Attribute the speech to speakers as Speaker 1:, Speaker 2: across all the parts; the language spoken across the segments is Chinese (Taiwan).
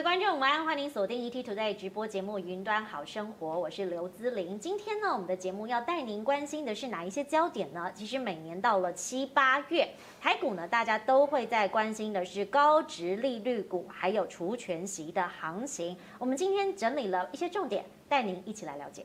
Speaker 1: 各位觀眾朋友們，歡迎鎖定 ETtoday 直播節目《雲端好生活》，我是劉姿麟。今天呢，我們的節目要帶您關心的是哪一些焦點呢？其實每年到了七八月，台股呢，大家都會在關心的是高殖利率股，還有除權息的行情。我們今天整理了一些重點，帶您一起來了解。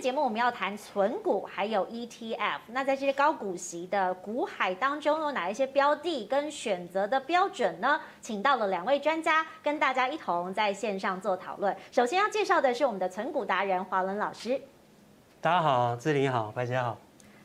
Speaker 1: 節目我們要談存股，還有 ETF。那在這些高股息的股海當中，有哪一些標的跟選擇的標準呢？請到了兩位專家跟大家一同在線上做討論。首先要介紹的是我們的存股達人華倫老師。
Speaker 2: 大家好，姿麟好，白姐好。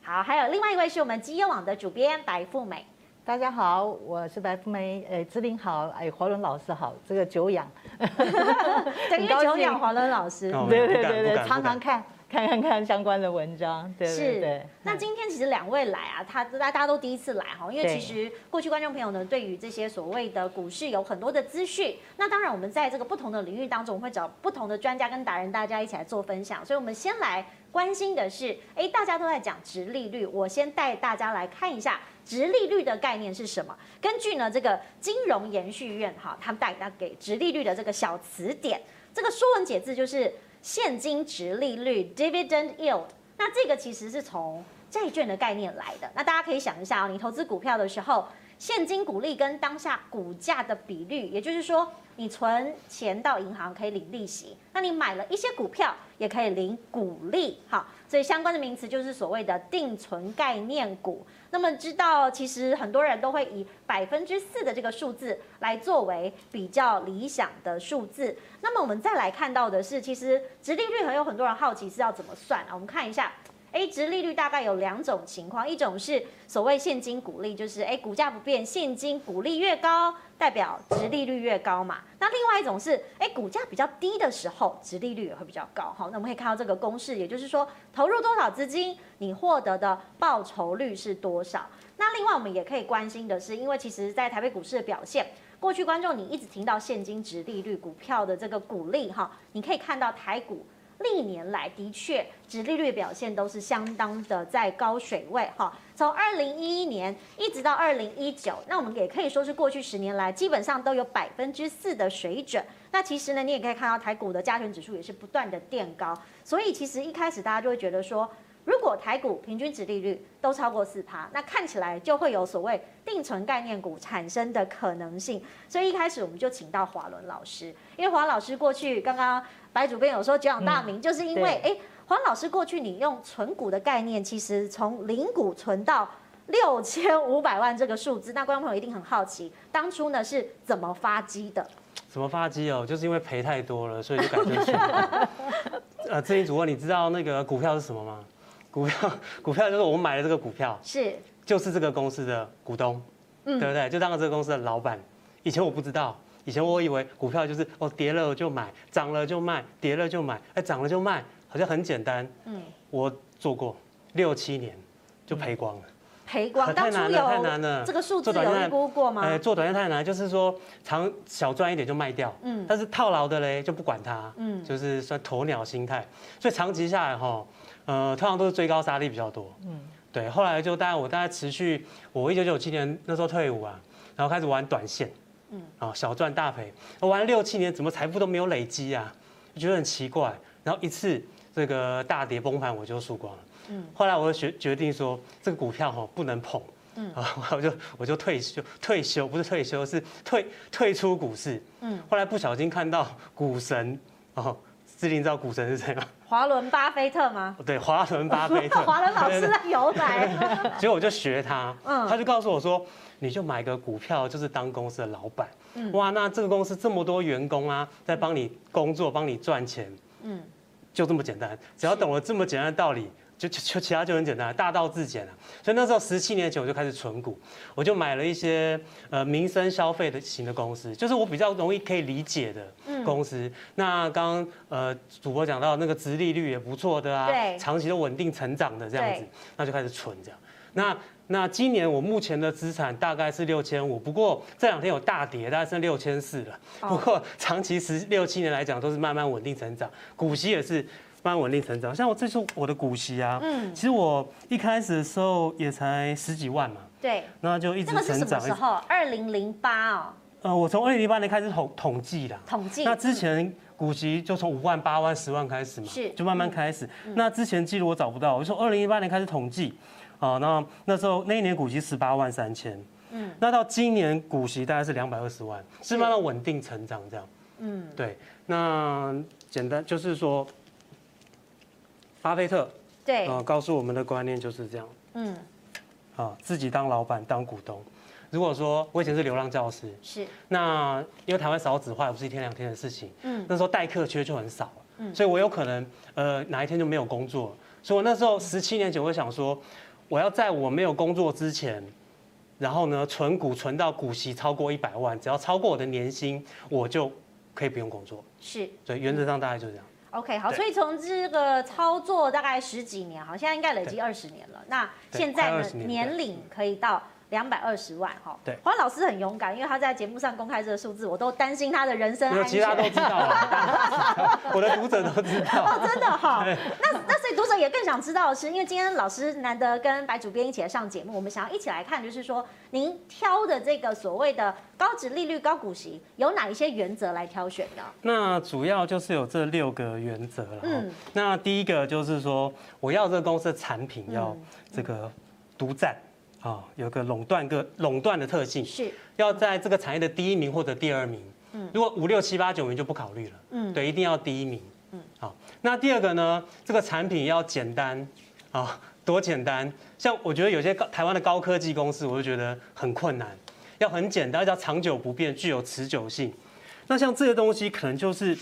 Speaker 1: 好，還有另外一位是我們基優網的主編
Speaker 3: 白富美。大家好，我是白富美。哎、智姿麟好，哎，華倫老師好，這個久仰，
Speaker 1: 哈哈久仰華倫老師。Oh, 對對對對，常常看。看看看相關的文章，對不對,對是？那今天其實兩位來啊，他大家都第一次來哈，因為其實過去觀眾朋友呢，對於這些所謂的股市有很多的資訊。那當然，我們在這個不同的領域當中，我會找不同的專家跟達人，大家一起來做分享。所以，我們先來關心的是，哎、欸，大家都在講殖利率，我先帶大家來看一下殖利率的概念是什麼。根據呢這個金融延續院哈，他們帶給大給殖利率的這個小詞典，這個《說文解字》就是。現金殖利率 （Dividend Yield），那這個其實是從債券的概念來的。那大家可以想一下哦，你投資股票的時候，現金股利跟當下股價的比率，也就是說，你存錢到銀行可以領利息，那你買了一些股票也可以領股利。好，所以相關的名詞就是所謂的定存概念股。那麼知道，其實很多人都會以百分之四的這個數字來作為比較理想的數字。那麼我們再來看到的是，其實殖利率很有可能很多人好奇是要怎麼算啊？我們看一下。哎殖利率大概有兩種情況，一種是所謂現金股利，就是哎股價不變，現金股利越高，代表殖利率越高嘛。那另外一種是哎股價比較低的時候，殖利率也會比較高。好，那我們可以看到這個公式，也就是說投入多少資金，你獲得的報酬率是多少。那另外我們也可以關心的是，因為其實，在台北股市的表現，過去觀眾你一直聽到現金殖利率股票的這個股利哈，你可以看到台股。歷年來的確，殖利率表現都是相當的在高水位哈。從二零一一年一直到二零一九，那我們也可以說是過去十年來基本上都有百分之四的水準。那其實呢，你也可以看到台股的加權指數也是不斷的墊高。所以其實一開始大家就會覺得說，如果台股平均殖利率都超過四趴，那看起來就會有所謂定存概念股產生的可能性。所以一開始我們就請到華倫老師，因為華老師過去剛剛。白主編有說久仰大名、嗯，就是因為哎、欸，華老師，過去你用存股的概念，其實從零股存到六千五百萬這個數字，那觀眾朋友一定很好奇，當初呢是怎麼發跡的？
Speaker 4: 怎
Speaker 2: 麼發跡哦？就是因為賠太多了，所以就感覺數。 呃，資深主播，你知道那個股票是什麼嗎？股票股票，就是我們買的這個股票，是就是這個公司的股東、嗯，對不對？就當了這個公司的老板。以前我不知道。以前我以為股票就是哦，跌了就買，漲了就賣，跌了就買，哎、欸、漲了就賣，好像很簡單。嗯，我做過六七年，就賠光了。
Speaker 1: 賠、嗯、光、呃、太難了，太
Speaker 2: 難了。難了，這個數字有評估過嗎？哎、欸，做短線太難，就是說長小賺一點就賣掉。嗯，但是套牢的嘞就不管它。嗯，就是算鴕鳥心態。所以長期下來吼，呃，通常都是追高殺利比較多。嗯，對。後來就大概我大概持續，我一九九七年那時候退伍啊，然後開始玩短線。啊、嗯，小賺大賠，我玩了六七年，怎麼財富都沒有累積啊？我覺得很奇怪。然後一次這個大跌崩盤，我就輸光了。嗯，後來我就決決定說，這個股票哈不能碰。嗯，啊，我就我就退休，退休不是退休，是退退出股市。
Speaker 4: 嗯，後
Speaker 2: 來不小心看到股神，哦，姿麟知道股神是誰嗎？
Speaker 1: 華倫巴菲特嗎？
Speaker 2: 對，華倫巴菲特。華倫老師在游哉。對對對對對對 所以我就學他，嗯，他就告訴我說。你就買個股票，就是當公司的老板。嗯，哇，那這個公司這麼多員工啊，在幫你工作，幫你賺錢。嗯，就這麼簡單，只要懂了這麼簡單的道理，就就就,就其他就很簡單，大道至簡啊。所以那時候十七年前我就開始存股，我就買了一些呃民生消費的型的公司，就是我比較容易可以理解的公司。嗯、那剛剛呃主播講到那個殖利率也不錯的啊，對，長期都穩定成長的這樣子，那就開始存這樣。那、嗯那今年我目前的資產大概是六千五，不過這兩天有大跌，大概剩六千四了。不過長期十六七年來講都是慢慢穩定成長，股息也是慢慢穩定成長。像我這次我的股息啊，嗯，其實我一開始的時候也才十幾萬嘛，對，那就一直成長是什麼
Speaker 1: 時候？二零零八
Speaker 2: 哦，呃，我從二零零八年開始統統計的，
Speaker 1: 統計。那之前
Speaker 2: 股息就從五萬八萬十萬開始嘛，是，就慢慢開始。嗯、那之前記錄我找不到，我就從二零一八年開始統計。好、哦、那那時候那一年股息十八萬三千，嗯，那到今年股息大概是兩百二十萬，是慢慢穩定成長這樣，嗯，對，那簡單就是說，巴菲特對，呃、告訴我們的觀念就是這樣，嗯，好、啊、自己當老板當股東，如果說我以前是流浪教師是，那因為台灣少子化也不是一天兩天的事情，嗯，那時候代課缺就很少，嗯，所以我有可能呃哪一天就沒有工作，所以我那時候十七年前我就想說。我要在我沒有工作之前，然後呢，存股存到股息超過一百萬，只要超過我的年薪，我就可以不用工作。是，所以原則上大概就這樣。
Speaker 1: OK，好，所以從這個操作大概十幾年，好像應該累積二十年了。那現在呢，年領可以到。兩百二十萬哈、哦，對，華倫老師很勇敢，因為他在節目上公開這個數字，我都擔心他的人生有其他都知道了，
Speaker 4: 我的讀者都知道哦，真的哈、哦，
Speaker 1: 那那所以讀者也更想知道的是，因為今天老師難得跟白主編一起來上節目，我們想要一起來看，就是說您挑的這個所謂的高殖利率、高股息，有哪一些原則來挑選呢？
Speaker 2: 那主要就是有這六個原則了，嗯，那第一個就是說，我要這個公司的產品要這個獨佔。嗯嗯 Oh, 有個壟斷個壟斷的特性，是要在這個產業的第一名或者，第二名。嗯，如果五六七八九名就不考慮了。嗯，對，一定要第一名。嗯，好，那第二個呢？這個產品要簡單，啊、哦，多簡單。像我覺得有些高台灣的高科技公司，我就覺得很困難，要很簡單，要長久不變，具有持久性。那像這些東西，可能就是，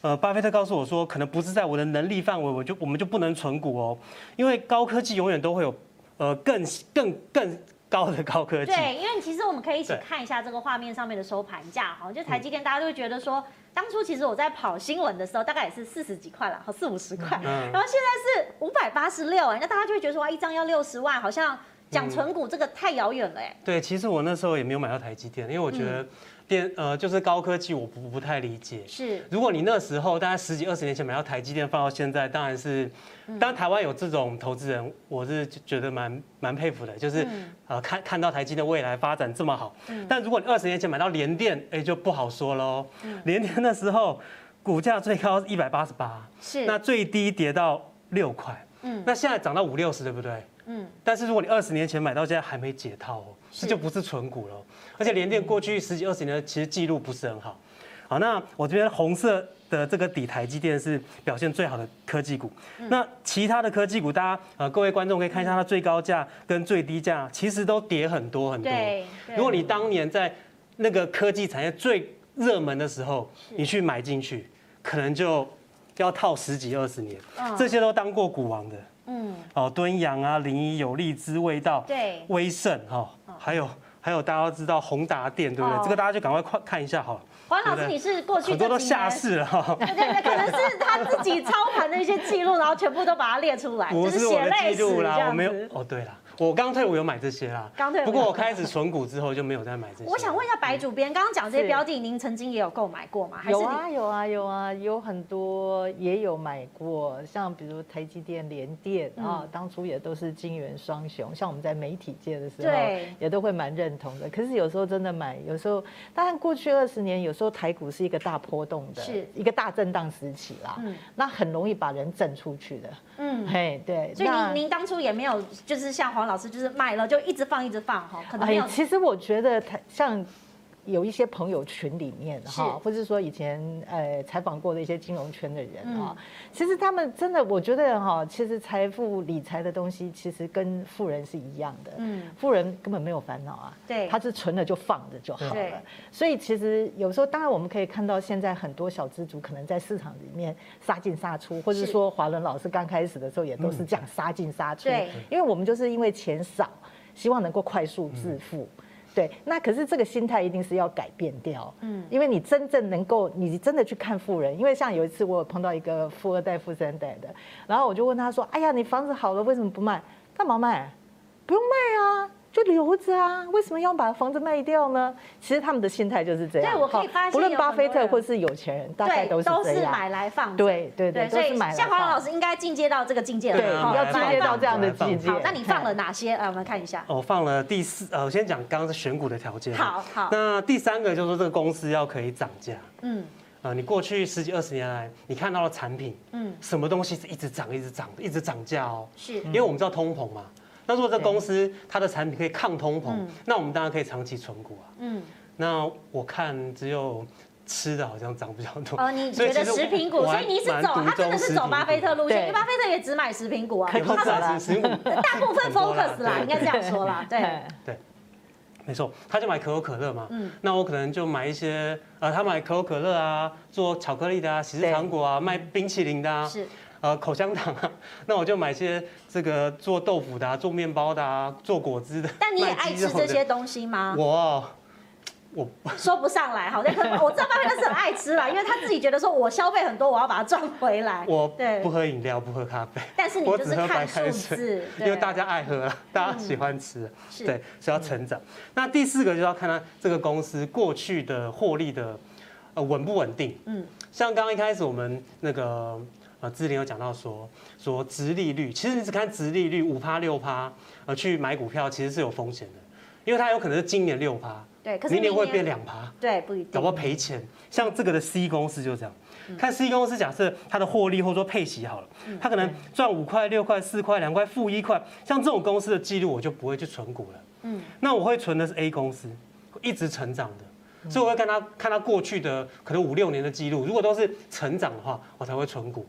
Speaker 2: 呃，巴菲特告訴我說，可能不是在我的能力範圍，我就我們就不能存股哦，因為高科技永遠都會有。呃，更更更高的高科技。對，
Speaker 1: 因為其實我們可以一起看一下這個畫面上面的收盤價哈，就台積電，嗯、大家都會覺得說，當初其實我在跑新聞的時候，大概也是四十幾塊了，好四五十塊、嗯，然後現在是五百八十六，那大家就會覺得說，哇，一張要六十萬，好像講存股這個太遙遠
Speaker 4: 了哎、欸嗯。
Speaker 2: 對，其實我那時候也沒有買到台積電，因為我覺得。嗯電呃就是高科技，我不不太理解。是，如果你那時候大概十幾二十年前買到台積電，放到現在，當然是，當、嗯、然台灣有這種投資人，我是覺得蠻蠻佩服的。就是，嗯、呃，看看到台積電的未來發展這麼好、嗯。但如果你二十年前買到聯電，哎、欸，就不好說嘍。聯、嗯、電那時候股價最高一百八十八，是。那最低跌到六塊。嗯。那現在漲到五六十，對不對？嗯。但是如果你二十年前買到，現在還沒解套、哦這就不是存股了，而且聯電過去十幾二十年其實記錄不是很好。好，那我覺得紅色的這個底台積電是表現最好的科技股。嗯、那其他的科技股，大家呃各位觀眾可以看一下、嗯、它最高價跟最低價，其實都跌很多很多。如果你當年在那個科技產業最熱門的時候，你去買進去，可能就要套十幾二十年。哦、這些都當過股王的。嗯。哦，敦揚啊，林怡有荔枝味道。對。威盛哈。哦還有還有，還有大家都知道宏達電對不對、哦。這個大家就趕快快看一下好了。
Speaker 4: 黃老師，對對，你是
Speaker 2: 過去這很多都下市了哈。哦。對
Speaker 1: 對對，可能是他自己操盤的一些記錄， 然後全部都把它列出來，是就是寫的記錄啦，我沒有。
Speaker 2: 哦，對了。我剛退伍有買這些啦，剛退不過我開始存股之後就沒有再買這些。嗯、我想
Speaker 1: 問一下白主編，剛剛講這些標的，您曾經也有購買過
Speaker 4: 嗎？還是有
Speaker 3: 啊有啊有啊，有很多也有買過，像比如台積電、聯電啊、嗯哦，當初也都是晶圓雙雄，像我們在媒體界的時候，也都會蠻認同的。可是有時候真的買，有時候，當然。過去二十年，有時候台股是一個大波動的，是一個大震盪時期啦，嗯，那很容易把人震出去的。嗯，嘿，對，所以您您
Speaker 1: 當初也沒有，就是像華倫老師，就是賣了就一直放一直放，哈，
Speaker 4: 可能沒有。其
Speaker 3: 實我覺得他像。有一些朋友群裡面哈，或者說以前呃採訪過的一些金融圈的人啊、嗯，其實他們真的，我覺得哈，其實財富理財的東西，其實跟富人是一樣的。嗯，富人根本沒有煩惱啊，對，他是存了就放着就好了。所以其實有時候，當然我們可以看到現在很多小資族可能在市場裡面殺進殺出，或者說華倫老師剛開始的時候也都是這樣殺進殺出、嗯。對，因為我們就是因為錢少，希望能夠快速致富。嗯對，那可是這個心態一定是要改變掉，嗯，因為你真正能夠，你真的去看富人，因為像有一次我有碰到一個富二代、富三代的，然後我就問他說：“哎呀，你房子好了，為什麼不賣？幹嘛賣？不用賣啊。”就留着啊，為什麼要把房子賣掉呢？其實他們的心態就是這樣。所以我可以發現，不論巴菲特或是有錢人，對大概都是都是，對對對都是買
Speaker 1: 來放。對對對，所以像來放。像華倫老師應該進階到這個境界了，哦，要進階到這樣的境界。那你放了哪些？啊，我們來看一下。
Speaker 2: 我放了第四，呃，我先講剛剛是選股的條件。好好。那第三個就是說這個公司要可以漲價。嗯。啊、呃，你過去十幾二十年來，你看到了產品，嗯，什麼東西是一直漲、一直漲、一直漲價哦？是、嗯、因為我們知道通膨嘛。那如果這公司它的產品可以抗通膨，嗯、那我們當然可以長期存股啊。
Speaker 4: 嗯，
Speaker 2: 那我看只有吃的好像漲比較多。哦，你覺得食品股？所以你是走，他真的是走巴菲
Speaker 1: 特路線，因為巴菲特也只買食品股啊，是不是食品股 ，
Speaker 2: 大部分 focus 啦，應該
Speaker 1: 是這樣說啦，對。
Speaker 2: 對，對，沒錯，他就買可口可樂嘛。嗯。那我可能就買一些、呃，他買可口可樂啊，做巧克力的啊，時思糖果啊，賣冰淇淋的啊。是。呃，口香糖啊，那我就買些這個做豆腐的、啊、做麵包的、啊、做果汁的。但你也愛吃這些
Speaker 1: 東西嗎？我、
Speaker 2: 哦，
Speaker 1: 我說不上來，好像我這方面都是很愛吃啦， 因為他自己覺得說，我消費很多，我要把它賺回來。我，對，不
Speaker 2: 喝飲料，不喝咖啡。
Speaker 1: 但是你就是看數字，因為
Speaker 2: 大家愛喝、啊，大家喜歡吃、啊嗯，對，所以要成長、嗯。那第四個就是要看他這個公司過去的獲利的呃、穩不穩定。嗯，像剛剛一開始我們那個。呃，姿麟有講到說，說殖利率，其實你只看殖利率五趴六趴，呃，去買股票、呃、買股票其實是有風險的，因為它有可能是今年六趴，對，
Speaker 3: 可是明年，年會變兩趴，對，不一定，搞
Speaker 2: 不好賠錢、嗯。像這個的 C 公司就這樣，看 C 公司假設它的獲利或者說配息好了，它可能賺五塊六塊四塊兩塊負一塊，像這種公司的記錄我就不會去存股
Speaker 4: 了，
Speaker 2: 嗯，那我會存的是 A 公司，一直成長的，所以我會看它、嗯、看它過去的可能五六年的記錄，如果都是成長的話，我才會存股。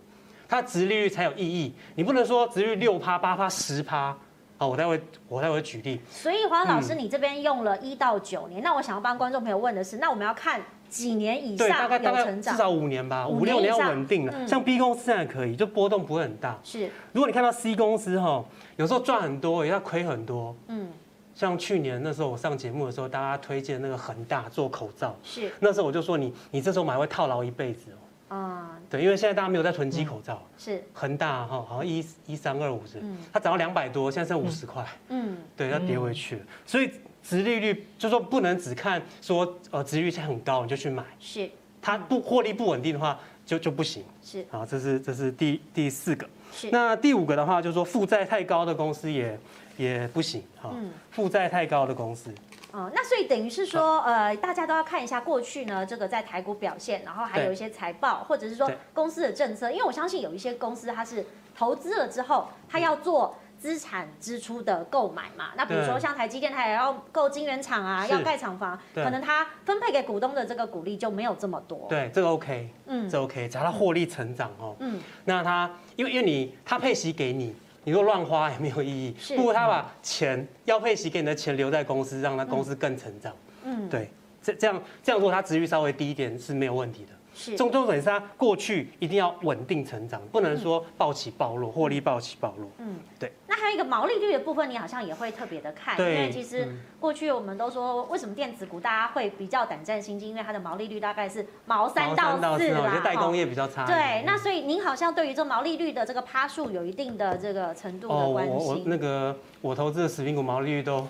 Speaker 2: 它殖利率才有意義，你不能說殖利率六趴、八趴、十趴。好，我待會我待會舉例。
Speaker 1: 所以華倫老師，你這邊用了一到九年、嗯，那我想要幫觀眾朋友問的是，那我們要看幾年以上成長？大
Speaker 2: 概大概至少五年吧，五六年要穩定了、嗯。像 B 公司還可以，就波動不會很大。是，如果你看到 C 公司哈、喔，有時候賺很多，也要虧很多。
Speaker 4: 嗯，
Speaker 2: 像去年那時候我上節目的時候，大家推薦那個恆大做口罩，是，那時候我就說你你這時候買會套牢一輩子、喔。啊、嗯，對，因為現在大家沒有在囤積口罩，嗯、是恆大哈，好像一一三二五是、嗯，它漲到兩百多，現在剩五十塊，嗯，對，要跌回去了、嗯，所以殖利率就是說不能只看說呃殖利率很高你就去買，是，嗯、它不獲利不穩定的話就就不行，是，啊，這是這是第第四個，那第五個的話就是說負債太高的公司也也不行，哈、嗯，負債太高的公
Speaker 4: 司。
Speaker 1: 哦、嗯，那所以等於是說，呃，大家都要看一下過去呢，這個在台股表現，然後還有一些財報，或者是說公司的政策，因為我相信有一些公司它是投資了之後，它要做資產支出的購買嘛。那比如說像台積電，它也要購晶圓廠啊，要蓋廠房，可能它分配給股東的這個股利就沒有這麼多。對，
Speaker 2: 這個 OK，嗯，這 OK，只要他獲利成長哦、喔，嗯，那他因為因為你他配息給你。你如果亂花也沒有意義，不如他把錢，嗯、要配息給你的錢留在公司，讓他公司更成長。嗯，對，這樣這樣這樣做，他殖利率稍微低一點是沒有問題的。是，重點是它過去一定要穩定成長，不能說暴起暴落，獲利暴
Speaker 4: 起暴落。嗯，對。
Speaker 1: 那還有一個毛利率的部分，你好像也會特別的看對，因為其實過去我們都說，為什麼電子股大家會比較膽戰心驚？因為它的毛利率大概是毛三到四啦，代工業比
Speaker 2: 較差。對，那
Speaker 1: 所以您好像對於這毛利率的這個趴數有一定的這個程度的關係。我，我
Speaker 2: 那個我投資的食品股毛利率都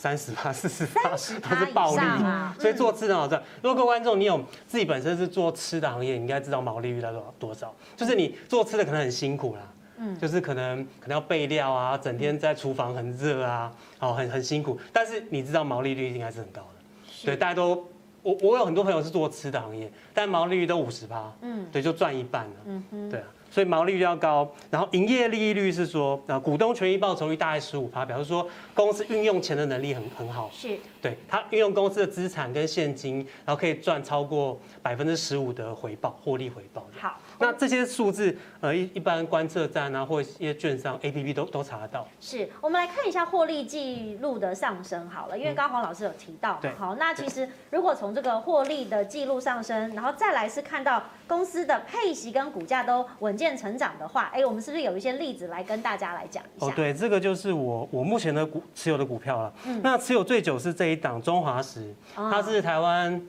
Speaker 2: 三十八、四十八，都是暴利，嗯，所以做吃的好賺。如果各位觀眾，你有自己本身是做吃的行業，你應該知道毛利率到多多少。就是你做吃的可能很辛苦啦，嗯，就是可能可能要備料啊，整天在廚房很熱啊，哦，很很辛苦。但是你知道毛利率應該是很高的，對，大家都，我我有很多朋友是做吃的行業，但毛利率都五十趴，嗯，對，就賺一半了，
Speaker 4: 嗯，對啊。
Speaker 2: 所以毛利率要高，然後營業利益率，是說，呃，股東權益報酬率大概十五趴，表示說公司運用錢的能力很很好，是，對，他運用公司的資產跟現金，然後可以賺超過百分之十五的回報，獲利回報。好。那這些數字，呃，一一般觀測站啊，或一些券商 APP 都都查得到。
Speaker 1: 是，我們來看一下獲利記錄的上升，好了，因為剛黃老師有提到嘛、嗯，好，那其實如果從這個獲利的記錄上升，然後再來是看到公司的配息跟股價都穩健成長的話，哎、欸，我們是不是有一些例子來跟大家來講一下？哦，
Speaker 2: 對，這個就是我我目前的股持有的股票了，嗯，那持有最久是這一檔中華食、嗯，它是台灣。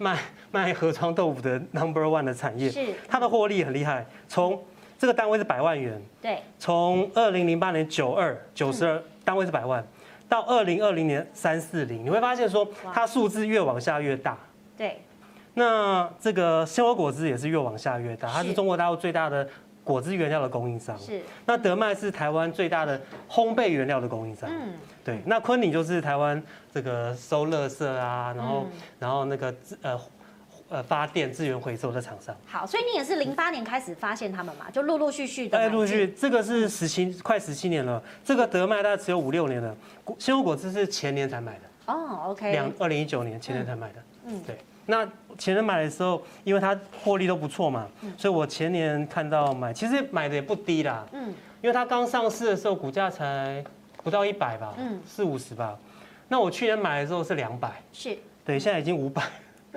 Speaker 2: 賣賣盒裝豆腐的 Number One 的產業，是它的獲利很厲害。從這個單位是百萬元，對，從二零零八年九二九十二單位是百萬，到二零二零年三四零，你會發現說它數字越往下越大。對，那這個鮮活果汁也是越往下越大，它是中國大陸最大的。果汁原料的供應商是、嗯，那德麥是台灣最大的烘焙原料的供應商。嗯，對。那崑鼎就是台灣這個收垃圾啊，然後、嗯、然後那個呃呃發電資源回收的廠商。
Speaker 1: 好，所以你也是零八年開始發現他們嘛，就陸陸續續的、哎。陸陸續，
Speaker 2: 這個是十七，快十七年了，這個德麥大概只有五六年了。鮮活果汁是前年才買的。
Speaker 4: 哦，OK。兩
Speaker 2: 二零一九年，前年才買的。嗯，嗯對。那前年買的時候，因為它獲利都不錯嘛，所以我前年看到買，其實買的也不低啦。
Speaker 4: 嗯，
Speaker 2: 因為它剛上市的時候，股價才不到一百吧，嗯，四五十吧。那我去年買的時候是兩百，是，對，現在已經五百。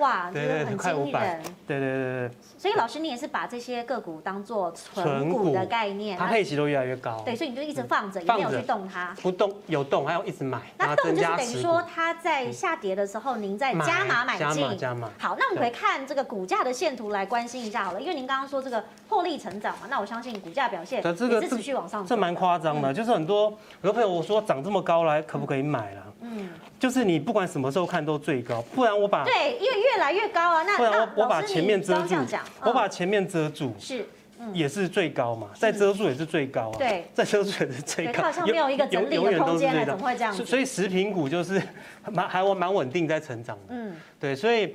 Speaker 1: 哇，對是很驚人。對對
Speaker 2: 對對對。
Speaker 1: 所以老師，你也是把這些個股當做存股的概念？它配
Speaker 2: 息都越來越高，啊。對，
Speaker 1: 所以你就一直放着，嗯、也沒有去動它。不
Speaker 2: 動有動，還要一直買。那動就是等於說
Speaker 1: 它在下跌的時候，您、嗯、在加碼買進。加碼，加碼，加碼。好，那我們可以看這個股價的線圖來關心一下好了，因為您剛剛說這個獲利成長嘛，那我相信股價表現也是持續往上這這這。這蠻誇
Speaker 2: 張的，嗯、就是很多很多朋友我說長這麼高來、嗯、可不可以買了？嗯，就是你不管什麼時候看都最高，不然我把對，
Speaker 1: 越越來越高啊。那不然我我把前面遮
Speaker 2: 住，剛剛嗯、我把前面遮住是，也是最高嘛，再、嗯、遮住也是最高啊。對，再遮住也是最高。好像沒有一個整理的空間，怎麼會這樣？所以食品股就是蠻還我蠻穩定在成長的。嗯，對，所以。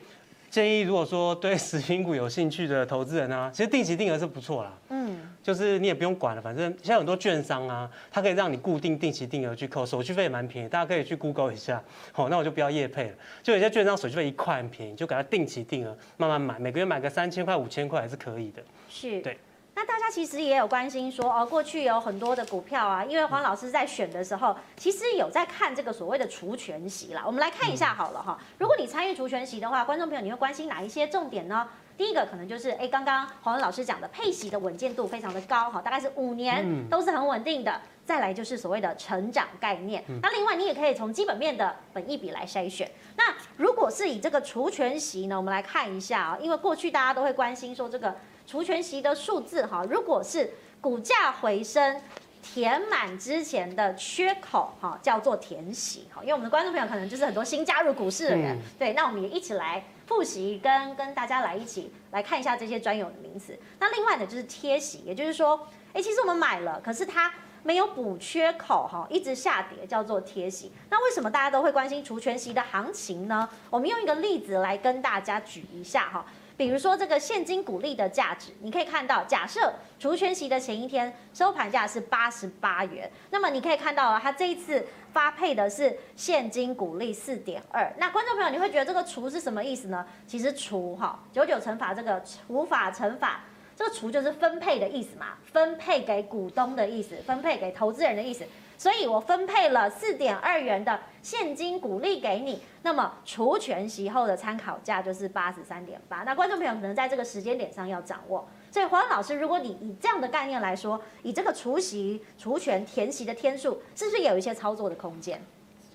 Speaker 2: 建議如果說，對食品股有興趣的投資人啊，其實定期定額是不錯啦。嗯，就是你也不用管了，反正現在有很多券商啊，它可以讓你固定定期定額去扣，手續費也蠻便宜，大家可以去 Google 一下。好、哦，那我就不要業配了，就有些券商手續費一塊很便宜，就給他定期定額慢慢買，每個月買個三千塊、五千塊還是可以的。
Speaker 1: 是，對。那大家其實也有關心說哦，過去有很多的股票啊，因為華倫老師在選的時候，其實有在看這個所謂的除權息了。我們來看一下好了哈、嗯，如果你參與除權息的話，觀眾朋友你會關心哪一些重點呢？第一個可能就是哎，剛剛華倫老師講的配息的穩健度非常的高哈，大概是五年、嗯、都是很穩定的。再來就是所謂的成長概念。嗯、那另外你也可以從基本面的本益比來篩選。那如果是以這個除權息呢，我們來看一下啊，因為過去大家都會關心說這個。除權息的數字哈，如果是股價回升填滿之前的缺口哈，叫做填息哈。因為我們的觀眾朋友可能就是很多新加入股市的人，嗯、對，那我們也一起來複習，跟跟大家來一起來看一下這些專有的名詞。那另外呢，就是貼息，也就是說，哎、欸，其實我們買了，可是它沒有補缺口哈，一直下跌，叫做貼息。那為什麼大家都會關心除權息的行情呢？我們用一個例子來跟大家舉一下哈。比如說這個現金股利的價值，你可以看到，假設除權息的前一天收盤價是八十八元，那麼你可以看到啊，它這一次發配的是現金股利四點二。那觀眾朋友，你會覺得這個除是什麼意思呢？其實除哈，九九乘法這個除法乘法，這個除就是分配的意思嘛，分配給股東的意思，分配給投資人的意思。所以我分配了四點二元的現金股利給你。那麼除權息後的參考價就是八十三點八。那觀眾朋友可能在這個時間點上要掌握。所以華倫老師，如果你以這樣的概念來說，以這個除息、除權、填息的天數，是不是也有一些操作的空間？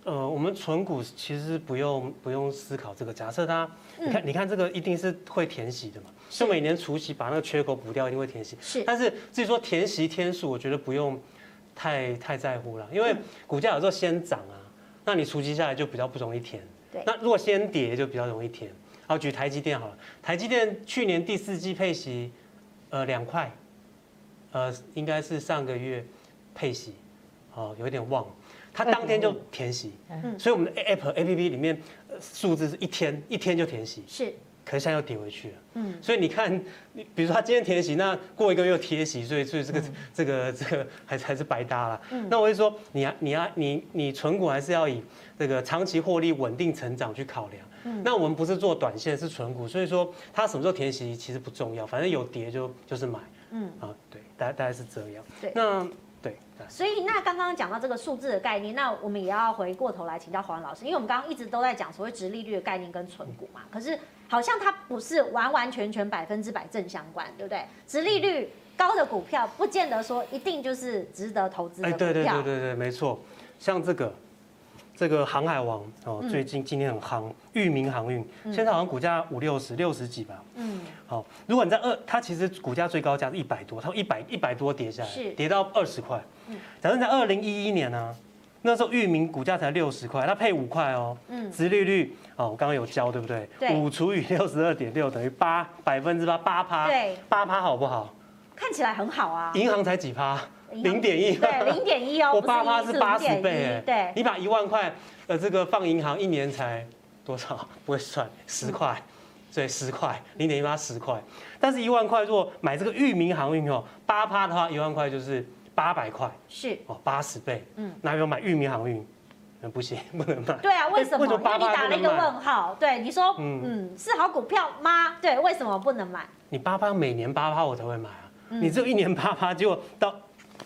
Speaker 2: 呃，我們存股其實不用不用思考這個。假設它，你看，嗯、你看這個一定是會填息的嘛？是就每年除息把那個缺口補掉，一定會填息。是。但是至於說填息天數，我覺得不用。太太在乎了，因為股價有時候先漲啊、嗯，那你除息下來就比較不容易填。那如果先跌就比較容易填。好，舉台積電好了，台積電去年第四季配息，呃，兩塊，呃，應該是上個月配息，好、呃，有一點忘了，它當天就填息。
Speaker 4: 嗯、所
Speaker 2: 以我們的 Apple A P P 裡面數字是一天，一天就填息。是。可是現在又跌回去了，嗯，所以你看，比如說它今天填息，那過一個月又貼息，所以所以這個、嗯、這個這個還是還是白搭了。嗯，那我就說，你要、啊、你要、啊、你你存股還是要以這個長期獲利、穩定成長去考量。嗯，那我們不是做短線，是存股，所以說它什麼時候填息其實不重要，反正有跌就就是買。嗯啊，啊對，大大概是這樣。
Speaker 4: 對，那對，
Speaker 1: 對。所以那剛剛講到這個數字的概念，那我們也要回過頭來請教黃老師，因為我們剛剛一直都在講所謂殖利率的概念跟存股嘛，嗯、可是。好像它不是完完全全百分之百正相關，對不對？殖利率高的股票不見得說一定就是值得投資的。哎，對對對對
Speaker 2: 對，沒錯。像這個這個航海王哦，最近今天很夯，裕民航運現在好像股價五六十六十幾吧。嗯，好，如果你在二，它其實股價最高價是一百多，它一百一百多跌下來，是跌到二十塊。嗯，假如你在二零一一年呢、啊？那時候裕民股價才六十塊，那配五塊哦。嗯，殖利率，哦，我剛剛有教對不對，對？五除以六十二點六等於八百分之八八趴。對。八趴好不好？
Speaker 1: 看起來很好啊。銀
Speaker 2: 行才幾趴？零點一。欸、對，零
Speaker 1: 點一哦。我八趴是八十倍。對。
Speaker 2: 你把一萬塊，呃，這個放銀行一年才多少？不會算，十塊。所以十塊。零點一趴十塊。但是一萬塊如果買這個裕民航運哦，八趴的話，一萬塊就是。八百塊是哦，八十倍。嗯，哪有買玉米航運？那不行，不能買。對
Speaker 1: 啊為、欸，為什麼？因為你打了一個問號。嗯、對，你說，嗯嗯，是好股票嗎？對，為什麼不能買？
Speaker 2: 你八趴每年八趴我都會買啊、嗯。你只有一年八趴，結果到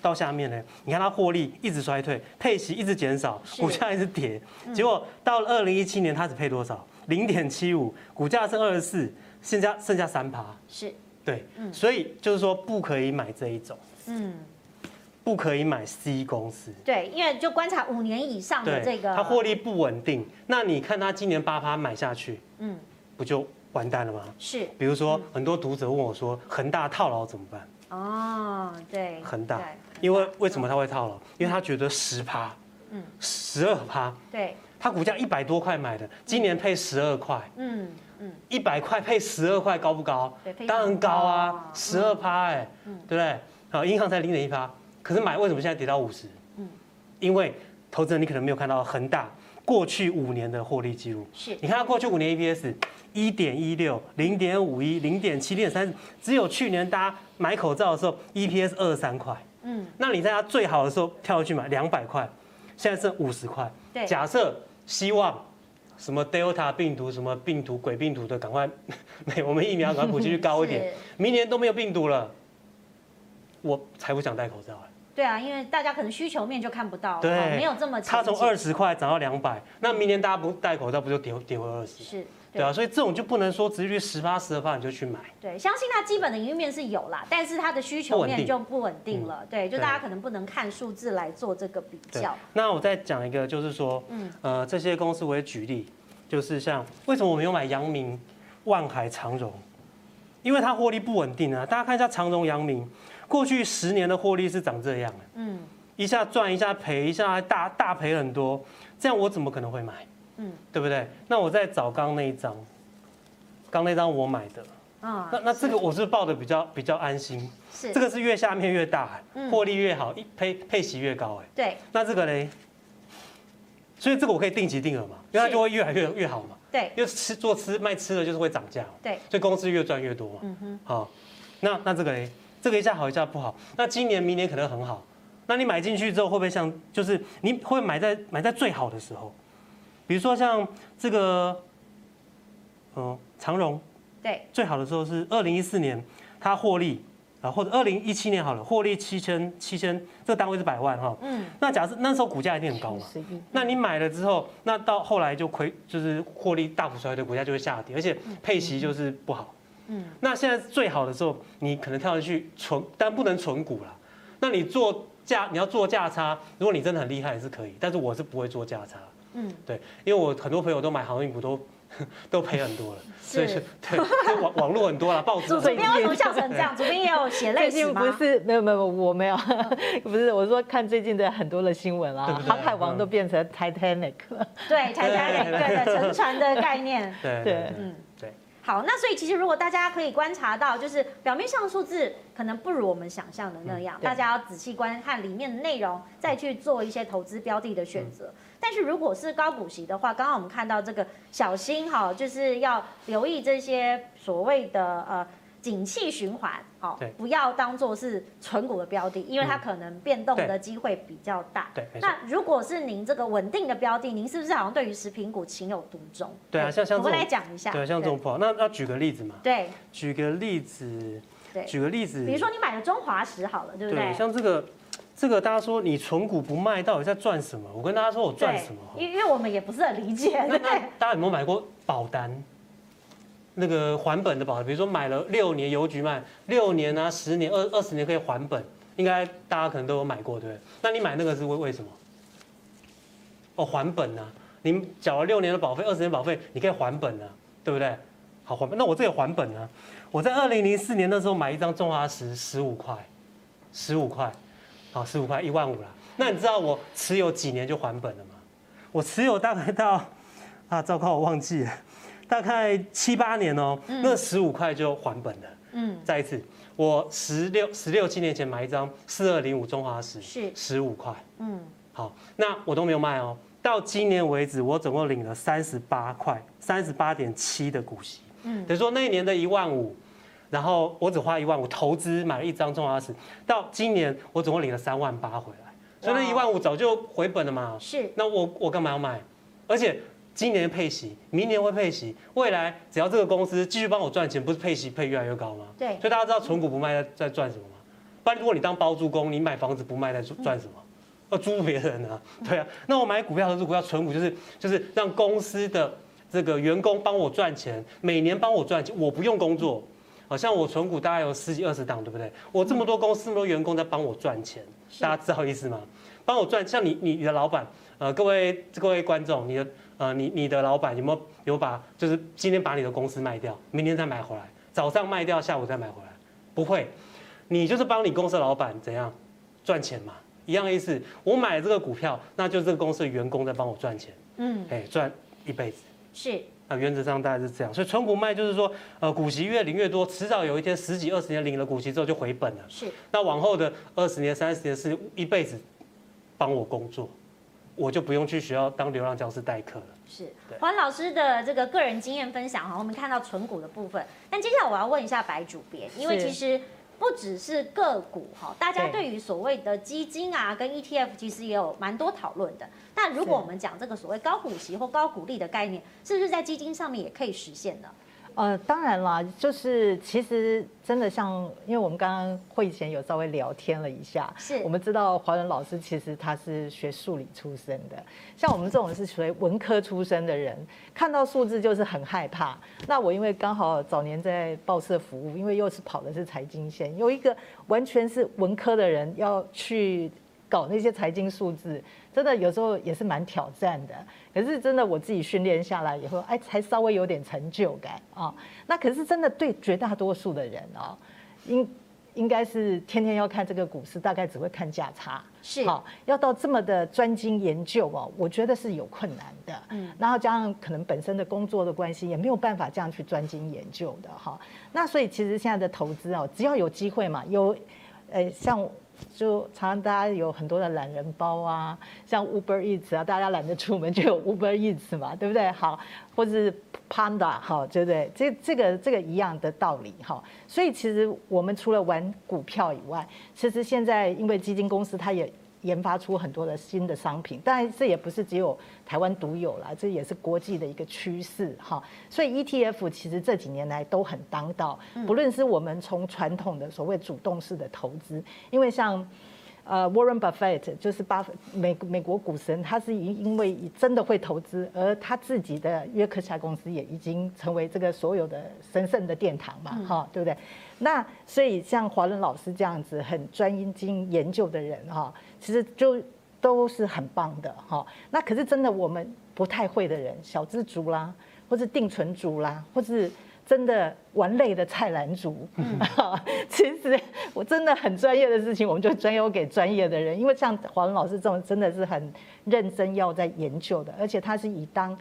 Speaker 2: 到下面呢？你看它獲利一直衰退，配息一直減少，股價一直跌是、嗯。結果到了二零一七年，它只配多少？零點七五，股價剩二十四，剩下剩下三趴。是。對，嗯，所以就是說不可以買這一種。嗯。不可以買 C 公司，
Speaker 1: 對，因為就觀察五年以上的這個，它獲利
Speaker 2: 不穩定。那你看它今年八趴買下去，
Speaker 4: 嗯，
Speaker 2: 不就完蛋了嗎？是。比如說、嗯、很多讀者問我說，恆大套牢怎麼辦？
Speaker 4: 哦，對。恆大，大，
Speaker 2: 因為為什麼他會套牢、嗯？因為他覺得十趴，嗯，十二趴，對，他股價一百多塊買的，今年配十二塊，
Speaker 4: 嗯
Speaker 2: 嗯，一百塊配十二塊高不高、嗯嗯？當然高啊，十二趴，哎、欸，對、嗯、不、嗯、對？好，銀行才零點一趴。可是買為什麼現在跌到五十？嗯，因為投資人你可能沒有看到恆大過去五年的獲利記錄。是，你看它過去五年 EPS，一點一六、零點五一、零點七、零點三，只有去年大家買口罩的時候 EPS 二十三塊。嗯。那你在它最好的時候跳下去買兩百塊，現在剩五十塊。假設希望什麼 Delta 病毒什麼病毒鬼病毒的趕快呵呵，我們疫苗趕快普及率高一點，明年都沒有病毒了，我才不想戴口罩欸。
Speaker 1: 對啊，因為大家可能需求面就看不到，對哦、沒有這麼差。它從二十塊
Speaker 2: 漲到兩百，那明年大家不戴口罩，不就跌跌回二十？20，是對，對啊，所以這種就不能說直接十八、十的話你就去買。
Speaker 1: 對，相信它基本的營運面是有啦，但是它的需求面就不穩定了穩定對、嗯。對，就大家可能不能看數字來做這個比較。
Speaker 2: 那我再講一個，就是說，嗯，呃，這些公司我也舉例，就是像為什麼我們沒有買陽明、萬海、長榮，因為它獲利不穩定啊。大家看一下長榮、陽明。過去十年的獲利是長這樣，
Speaker 4: 嗯，
Speaker 2: 一下賺一下賠一下，大大賠很多，這樣我怎麼可能會買？嗯，對不對？那我再找剛那一張，剛那張我買的，啊，那那這個我是抱的比較比較安心，
Speaker 4: 是這個是
Speaker 2: 越下面越大，嗯，獲利越好，一配，配息越高，哎，對，那這個嘞，所以這個我可以定期定額嘛，因為它就會越來越越好嘛，對，因為吃做吃賣吃的就是會漲價，對，所以公司越賺越多嘛，嗯哼，好，那那這個嘞。這個一下好，一下不好。那今年、明年可能很好。那你買進去之後，會不會像，就是你會買在買在最好的時候？比如說像這個，嗯、呃，長榮，對，最好的時候是二零一四年，它獲利啊，或者二零一七年好了，獲利七千七千，這個單位是百萬哈。嗯。那假設那時候股價一定很高嘛？那你買了之後，那到後來就虧，就是獲利大幅衰退的股價就會下跌，而且配息就是不好。嗯，那現在最好的時候，你可能跳下去存，但不能存股了。那你做價，你要做價差，如果你真的很厲害，也是可以。但是我是不會做價差。嗯，對，因為我很多朋友都買航運股，都都賠很多了，所以是網網絡很多啦，報紙。主持人為什麼笑成這樣？
Speaker 3: 昨天也有寫累嗎？最近不是沒有沒有我沒有， 不是我說看最近的很多的新聞啊《航海王》都變成 Titanic 了。
Speaker 1: 對
Speaker 4: Titanic 的沉船的概念。對對嗯。
Speaker 1: 好，那所以其實如果大家可以觀察到，就是表面上數字可能不如我們想象的那樣，嗯，大家要仔細觀看裡面的內容，再去做一些投資標的的選擇，嗯。但是如果是高股息的話，剛剛我們看到這個小心哈，就是要留意這些所謂的呃景氣循環。不要當做是存股的標的，因為它可能變動的機會比較大。嗯、對，對，那如果是您這個穩定的標的，您是不是好像對於食品股情有獨鍾？
Speaker 2: 對啊，像像這種，我們來講一下。對，像這種不好，那要舉個例子嘛。對，舉個例子，對，舉個例子，比如說
Speaker 1: 你買了中華食好了，對不對，對？像
Speaker 2: 這個，這個大家說你存股不賣，到底在賺什麼？我跟大家說我賺什麼？
Speaker 1: 因為因為我們也不是很理解，對？對，
Speaker 2: 大家有沒有買過保單？那個還本的保，比如說買了六年郵局賣，六年啊，十年、二二十年可以還本，應該大家可能都有買過，對,對？那你買那個是為為什麼？哦，還本呢、啊、你繳了六年的保費，二十年保費，你可以還本呢、啊、對不對？好，還本。那我這也還本呢、啊。我在二零零四年那時候買一張中華食十五塊，十五塊，好，十五塊，一萬五了。那你知道我持有幾年就還本了嗎？我持有大概到啊，糟糕，我忘記了。大概七八年哦、喔，那十五塊就還本了。嗯，再一次，我十六十六七年前買一張四二零五中華食，是十五塊。嗯，好，那我都沒有賣哦、喔。到今年為止，我總共領了三十八塊，三十八點七的股息。嗯，等於說那一年的一萬五，然後我只花一萬五投資買了一張中華食。到今年我總共領了三萬八回來，所以那一萬五早就回本了嘛。是，那我我幹嘛要賣？而且。今年配息，明年會配息，未來只要這個公司繼續幫我賺錢，不是配息配越來越高嗎？對。所以大家知道存股不賣在在賺什麼嗎？不然如果你當包租公，你買房子不賣在賺什麼？要租別人啊？對啊。那我買股票如股票存股，就是就是讓公司的這個員工幫我賺錢，每年幫我賺錢，我不用工作。好像我存股大概有十幾二十檔，對不對？我這麼多公司、嗯、這麼多員工在幫我賺錢，大家知道意思嗎？幫我賺，像你、你、你的老闆，呃，各位各位觀眾，你的。啊、呃，你你的老闆有沒有有把，就是今天把你的公司賣掉，明天再買回來，早上賣掉，下午再買回來，不會。你就是幫你公司的老闆怎樣賺錢嘛，一樣意思。我買這個股票，那就是這個公司的員工在幫我賺錢，嗯，哎、欸，賺一輩子。
Speaker 1: 是
Speaker 2: 啊，原則上大概是這樣。所以存股賣就是說，呃，股息越領越多，遲早有一天十幾二十年領了股息之後就回本了。是。那往後的二十年、三十年、是一輩子幫我工作。我就不用去學校當流浪教師代課了。是華
Speaker 1: 倫老師的這個個人經驗分享哈，我們看到存股的部分。但接下來我要問一下白主編，因為其實不只是個股哈，大家對於所謂的基金啊跟 ETF 其實也有蠻多討論的。但如果我們講這個所謂高股息或高股利的概念，是不是在基金上面也可以實現呢？
Speaker 3: 呃，當然啦，就是其實真的像，因為我們剛剛會前有稍微聊天了一下，是我們知道華倫老師其實他是學數理出身的，像我們這種是屬於文科出身的人，看到數字就是很害怕。那我因為剛好早年在報社服務，因為又是跑的是財經線，有一個完全是文科的人要去。搞那些財經數字，真的有時候也是蠻挑戰的。可是真的我自己訓練下來以後，哎，才稍微有點成就感啊、哦。那可是真的對絕大多數的人哦，應應該是天天要看這個股市，大概只會看價差。是，好、哦，要到這麼的專精研究哦，我覺得是有困難的。嗯，然後加上可能本身的工作的關係，也沒有辦法這樣去專精研究的哈、哦。那所以其實現在的投資哦，只要有機會嘛，有，呃、欸，像。就常常大家有很多的懶人包啊，像 Uber Eats 啊，大家懶得出門就有 Uber Eats 嘛，對不對？好，或是 Panda，好，對不對？這這個這個一樣的道理哈。所以其實我們除了玩股票以外，其實現在因為基金公司它也。研發出很多的新的商品，當然這也不是只有台灣獨有啦，這也是國際的一個趨勢哈。所以 ETF 其實這幾年來都很當道，不論是我們從傳統的所謂主動式的投資，因為像。呃，Warren Buffett 就是巴美美國股神，他是因因為真的會投資，而他自己的約克夏公司也已經成為這個所有的神聖的殿堂嘛，哈、嗯，對不對？那所以像華倫老師這樣子很專精研究的人，哈，其實就都是很棒的，哈。那可是真的我們不太會的人，小資族啦，或者定存族啦，或是。真的玩累的菜籃族，其實我真的很專業的事情，我們就專有給專業的人，因為像華倫老師這種真的是很認真要在研究的，而且他是以當。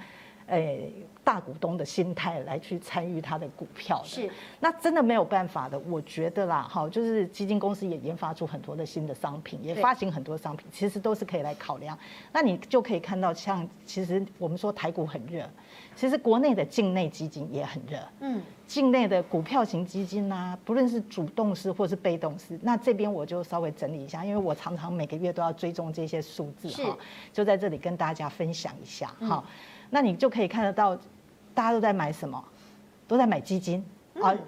Speaker 3: 哎大股東的心態來去參與他的股票的，是那真的沒有辦法的。我覺得啦，哈，就是基金公司也研發出很多的新的商品，也發行很多商品，其實都是可以來考量。那你就可以看到，像其實我們說台股很熱，其實國內的境內基金也很熱，嗯，境內的股票型基金吶、啊，不論是主動式或是被動式，那這邊我就稍微整理一下，因為我常常每個月都要追蹤這些數字，哈，就在這裡跟大家分享一下，哈。那你就可以看得到，大家都在買什麼，都在買基金而、啊、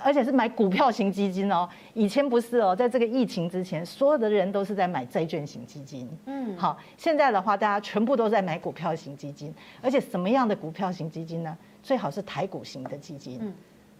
Speaker 3: 而且是買股票型基金哦。以前不是哦，在這個疫情之前，所有的人都是在買債券型基金。嗯，好，現在的話，大家全部都在買股票型基金，而且什麼樣的股票型基金呢？最好是台股型的基金。嗯，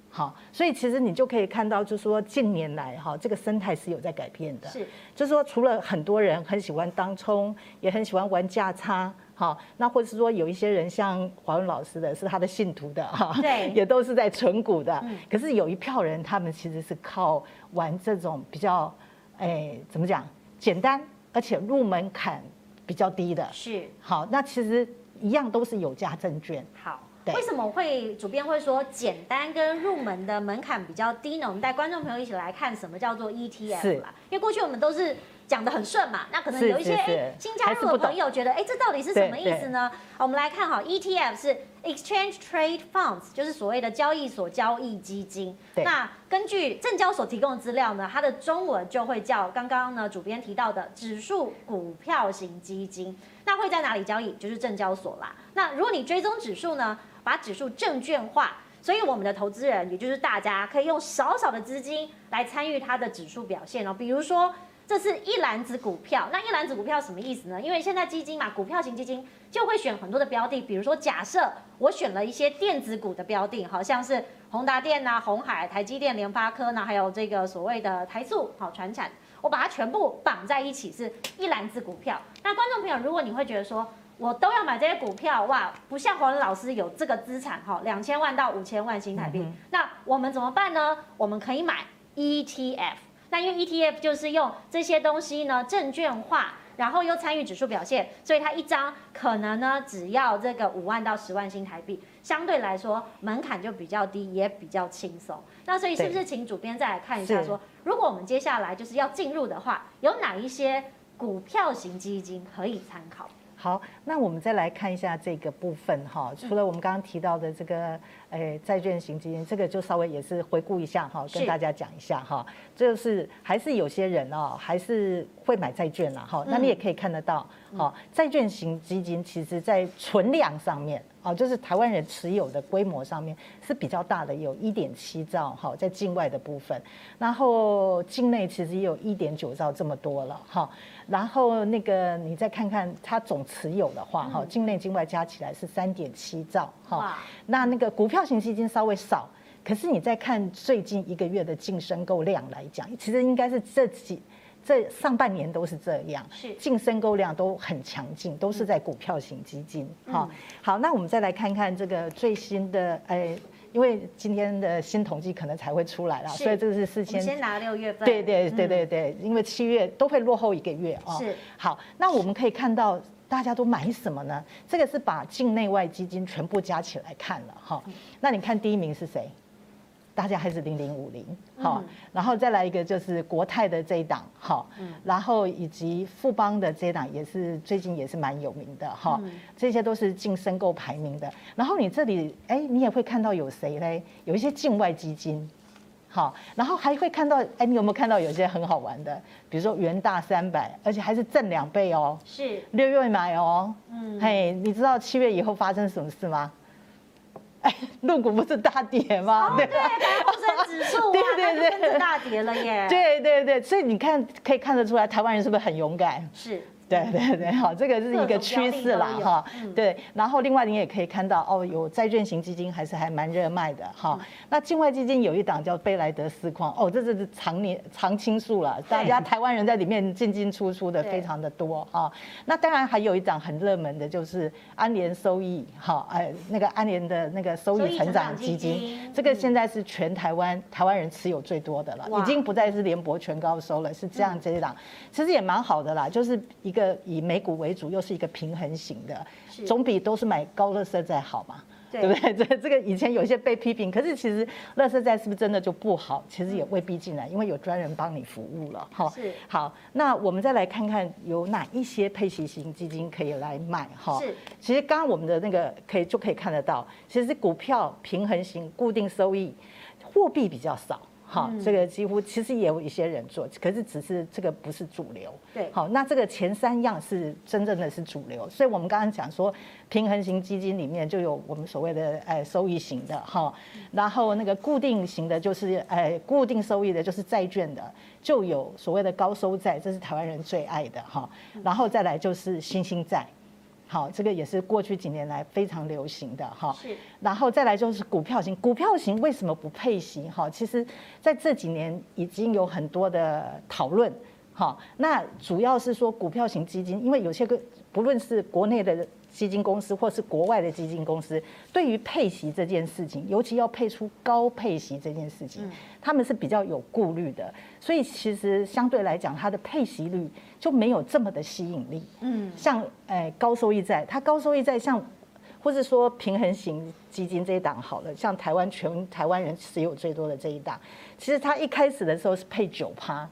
Speaker 3: 好，所以其實你就可以看到，就是說近年來哈，這個生態是有在改變的。是，就是說除了很多人很喜歡當沖，也很喜歡玩價差。好，那或者是說有一些人像華倫老師的、是他的信徒的哈，對，也都是在存股的、嗯。可是有一票人，他們其實是靠玩這種比較，哎、欸，怎麼講，簡單而且入門檻比較低的。是，好，那其實一樣都是有價證券。
Speaker 1: 好對，為什麼會主編會說簡單跟入門的門檻比較低呢？我們帶觀眾朋友一起來看什麼叫做 ETF，因為過去我們都是。講得很順嘛，那可能有一些是是是誒新加入的朋友覺得，哎，這到底是什麼意思呢？對對，我們來看哈，ETF 是 Exchange Trade Funds，就是所謂的交易所交易基金。那根據證交所提供的資料呢，它的中文就會叫剛剛呢主編提到的指數股票型基金。那會在哪裡交易？就是證交所啦。那如果你追蹤指數呢，把指數證券化，所以我們的投資人，也就是大家，可以用少少的資金來參與它的指數表現哦。比如說。這是一籃子股票，那一籃子股票什麼意思呢？因為現在基金嘛，股票型基金就會選很多的標的，比如說假設我選了一些電子股的標的，好像是宏達電啊、鴻海、台積電、聯發科，那還有這個所謂的台塑、好，傳產，我把它全部綁在一起是一籃子股票。那觀眾朋友，如果你會覺得說，我都要買這些股票，哇，不像華倫老師有這個資產好，兩千萬到五千萬新台幣、嗯，那我們怎麼辦呢？我們可以買 ETF。那因為 ETF 就是用這些東西呢證券化，然後又參與指數表現，所以它一張可能呢只要這個五萬到十萬新台幣，相對來說門檻就比較低，也比較輕鬆。那所以是不是請主編再來看一下說，說如果我們接下來就是要進入的話，有哪一些股票型基金可以參考？
Speaker 3: 好，那我們再來看一下這個部分哈。除了我們剛剛提到的這個，誒，債券型基金，這個就稍微也是回顧一下哈，跟大家講一下哈。就是還是有些人哦，還是會買債券啦哈。那你也可以看得到，哈，債券型基金其實，在存量上面哦，就是台灣人持有的規模上面是比較大的，有一點七兆哈，在境外的部分，然後境內其實也有一點九兆這麼多了哈。然後那個你再看看它總持有的話哈、哦，境內境外加起來是三點七兆哈、哦。那那個股票型基金稍微少，可是你再看最近一個月的淨申購量來講，其實應該是這幾這上半年都是這樣，淨申購量都很強勁，都是在股票型基金哈、哦。好，那我們再來看看這個最新的誒、哎。因為今天的新統計可能才會出來了，所以這是四千。你先拿六月份。對對對對對、嗯，因為七月都會落後一個月啊、喔。是。好，那我們可以看到大家都買什麼呢？這個是把境內外基金全部加起來看了哈、喔。那你看第一名是誰？大家還是零零五零，好、哦，然後再來一個就是國泰的這一檔，好、哦，然後以及富邦的這一檔也是最近也是蠻有名的，哈、哦嗯，這些都是淨申購排名的。然後你這裡，哎，你也會看到有誰嘞？有一些境外基金，好、哦，然後還會看到，哎，你有沒有看到有些很好玩的？比如說元大三百，而且還是正兩倍哦，是六月買哦，嗯，嘿，你知道七月以後發生什麼事嗎？哎，露股不是大跌嗎？哦、對，
Speaker 4: 對， 對，對，對對，是
Speaker 1: 的指數，大
Speaker 3: 跌了耶。對對對，所以你看，可以看得出來，台灣人是不是很勇敢？是。對對對，好，這個是一個趨勢啦，哈。嗯、對，然後另外你也可以看到，哦，有債券型基金還是還蠻熱賣的，哈、嗯。那境外基金有一檔叫貝萊德世礦哦，這是常年常青樹了，大家台灣人在裡面進進出出的非常的多啊。那當然還有一檔很熱門的，就是安聯收益，哈、哦，哎、呃，那個安聯的那個收益成長基金，基金嗯、這個現在是全台灣台灣人持有最多的了，已經不再是聯博全高收了，是這樣這檔，嗯、其實也蠻好的啦，就是一個。以美股為主，又是一個平衡型的，總比都是買高垃圾債好嘛，對不對？這這個以前有些被批評，可是其實垃圾債是不是真的就不好？其實也未必進來，因為有專人幫你服務了。好，好，那我們再來看看有哪一些配息型基金可以來買哈。是，其實剛剛我們的那個可以就可以看得到，其實股票平衡型、固定收益、貨幣比較少。好、嗯，這個幾乎其實也有一些人做，可是只是這個不是主流。對，好，那這個前三樣是真正的是主流，所以我們剛剛講說，平衡型基金裡面就有我們所謂的、呃、收益型的哈，然後那個固定型的就是、呃、固定收益的就是債券的，就有所謂的高收債，這是台灣人最愛的哈，然後再來就是新興債。好，這個也是過去幾年來非常流行的哈。是，然後再來就是股票型，股票型為什麼不配息？哈，其實在這幾年已經有很多的討論哈。那主要是說股票型基金，因為有些個不論是國內的。基金公司或是國外的基金公司，對於配息這件事情，尤其要配出高配息這件事情，他們是比較有顧慮的，所以其實相對來講，它的配息率就沒有這麼的吸引力。
Speaker 4: 嗯，
Speaker 3: 像誒高收益債，它高收益債像或是說平衡型基金這一檔好了，像台灣全台灣人持有最多的這一檔，其實它一開始的時候是配九趴。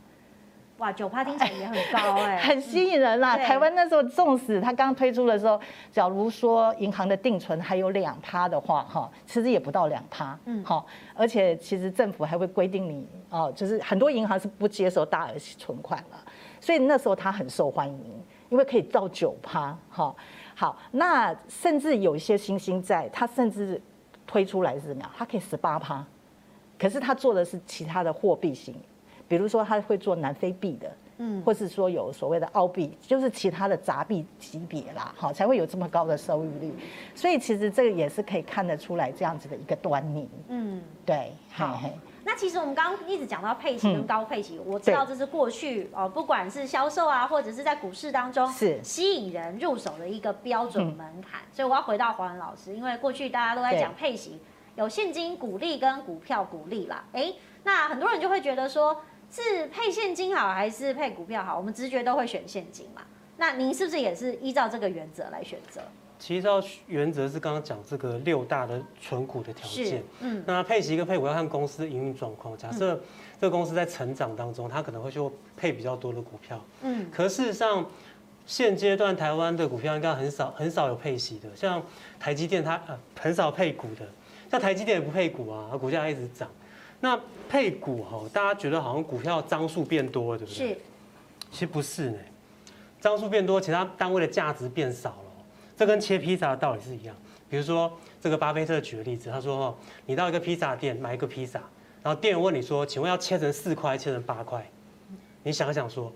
Speaker 3: 哇，九趴聽起來也很高、欸、哎，很吸引人啦、啊。台灣那時候，縱使它剛推出的時候，假如說銀行的定存還有兩趴的話，哈，其實也不到兩趴，嗯，好，而且其實政府還會規定你哦，就是很多銀行是不接受大額存款了，所以那時候它很受歡迎，因為可以到九趴，哈，好，那甚至有一些新興債它甚至推出來是什麼？它可以十八趴，可是它做的是其他的貨幣型。比如說他會做南非幣的，嗯，或是說有所謂的澳幣，就是其他的雜幣級別啦，好，才會有這麼高的收益率。所以其實這個也是可以看得出來這樣子的一個端倪。嗯，對，好。嗯、
Speaker 1: 那其實我們剛剛一直講到配息跟高配息、嗯，我知道這是過去哦、呃，不管是銷售啊，或者是在股市當中，是吸引人入手的一個標準門檻、嗯。所以我要回到華倫老師，因為過去大家都在講配息，有現金股利跟股票股利啦，哎、欸，那很多人就會覺得說。是配現金好還是配股票好？我們直覺都會選現金嘛。那您是不是也是依照這個原則來選擇？
Speaker 2: 其實照原則是剛剛講這個六大的存股的條件。嗯，那配息跟配股要看公司營運狀況。假設這個公司在成長當中，它可能會就配比較多的股票。嗯，可是事實上現階段台灣的股票應該很少很少有配息的，像台積電它、呃、很少配股的，像台積電也不配股啊，股價還一直漲。那配股哈，大家覺得好像股票張數變多了，對不對？是，其實不是呢，欸。張數變多，其他單位的價值變少了，這跟切披薩的道理是一樣。比如說，這個巴菲特舉的例子，他說哦，你到一個披薩店買一個披薩，然後店員問你說，請問要切成四塊，切成八塊？你想一想說，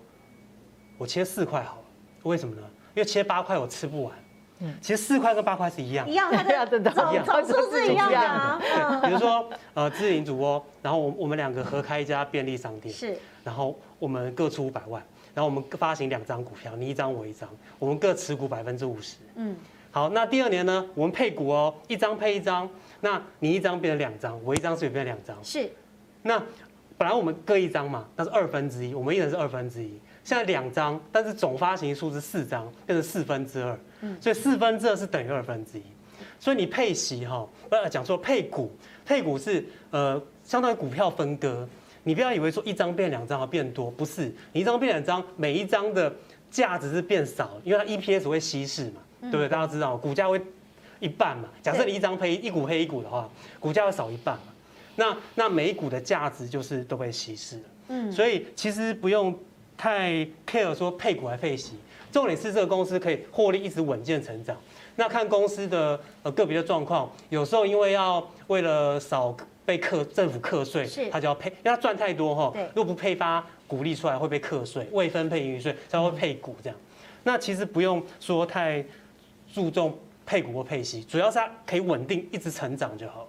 Speaker 2: 我切四塊好了，為什麼呢？因為切八塊我吃不完。其實四塊跟八塊是一樣，一樣一樣，一樣
Speaker 3: 的，
Speaker 1: 總總數字一樣的、啊。
Speaker 2: 比如說，呃，姿麟主播，然後我我們兩個合開一家便利商店，是，然後我們各出五百萬，然後我們發行兩張股票，你一張我一張，我們各持股百分之五十。嗯，好，那第二年呢，我們配股哦、喔，一張配一張，那你一張變成兩張，我一張所以變成兩張？是，那本來我們各一張嘛，那是二分之一，我們一人是二分之一。現在兩張，但是總發行數是四張，變成四分之二。所以四分之二是等於二分之一。所以你配息哈，不要講說配股，配股是呃相當於股票分割。你不要以為說一張變兩張而變多，不是。你一張變兩張，每一張的價值是變少，因為它 EPS 會稀釋嘛，對不對？大家知道股價會一半嘛。假設你一張配一股黑一股的話，股價會少一半嘛。那那每一股的價值就是都被稀釋。嗯，所以其實不用。太 care 說配股還配息，重點是這個公司可以獲利一直穩健成長。那看公司的呃個別的狀況，有時候因為要為了少被課政府課稅，他就要配，因為他賺太多哈，如果不配發股利出來會被課稅未分配盈餘稅，才會配股這樣。那其實不用說太注重配股或配息，主要是它可以穩定一直成長就好。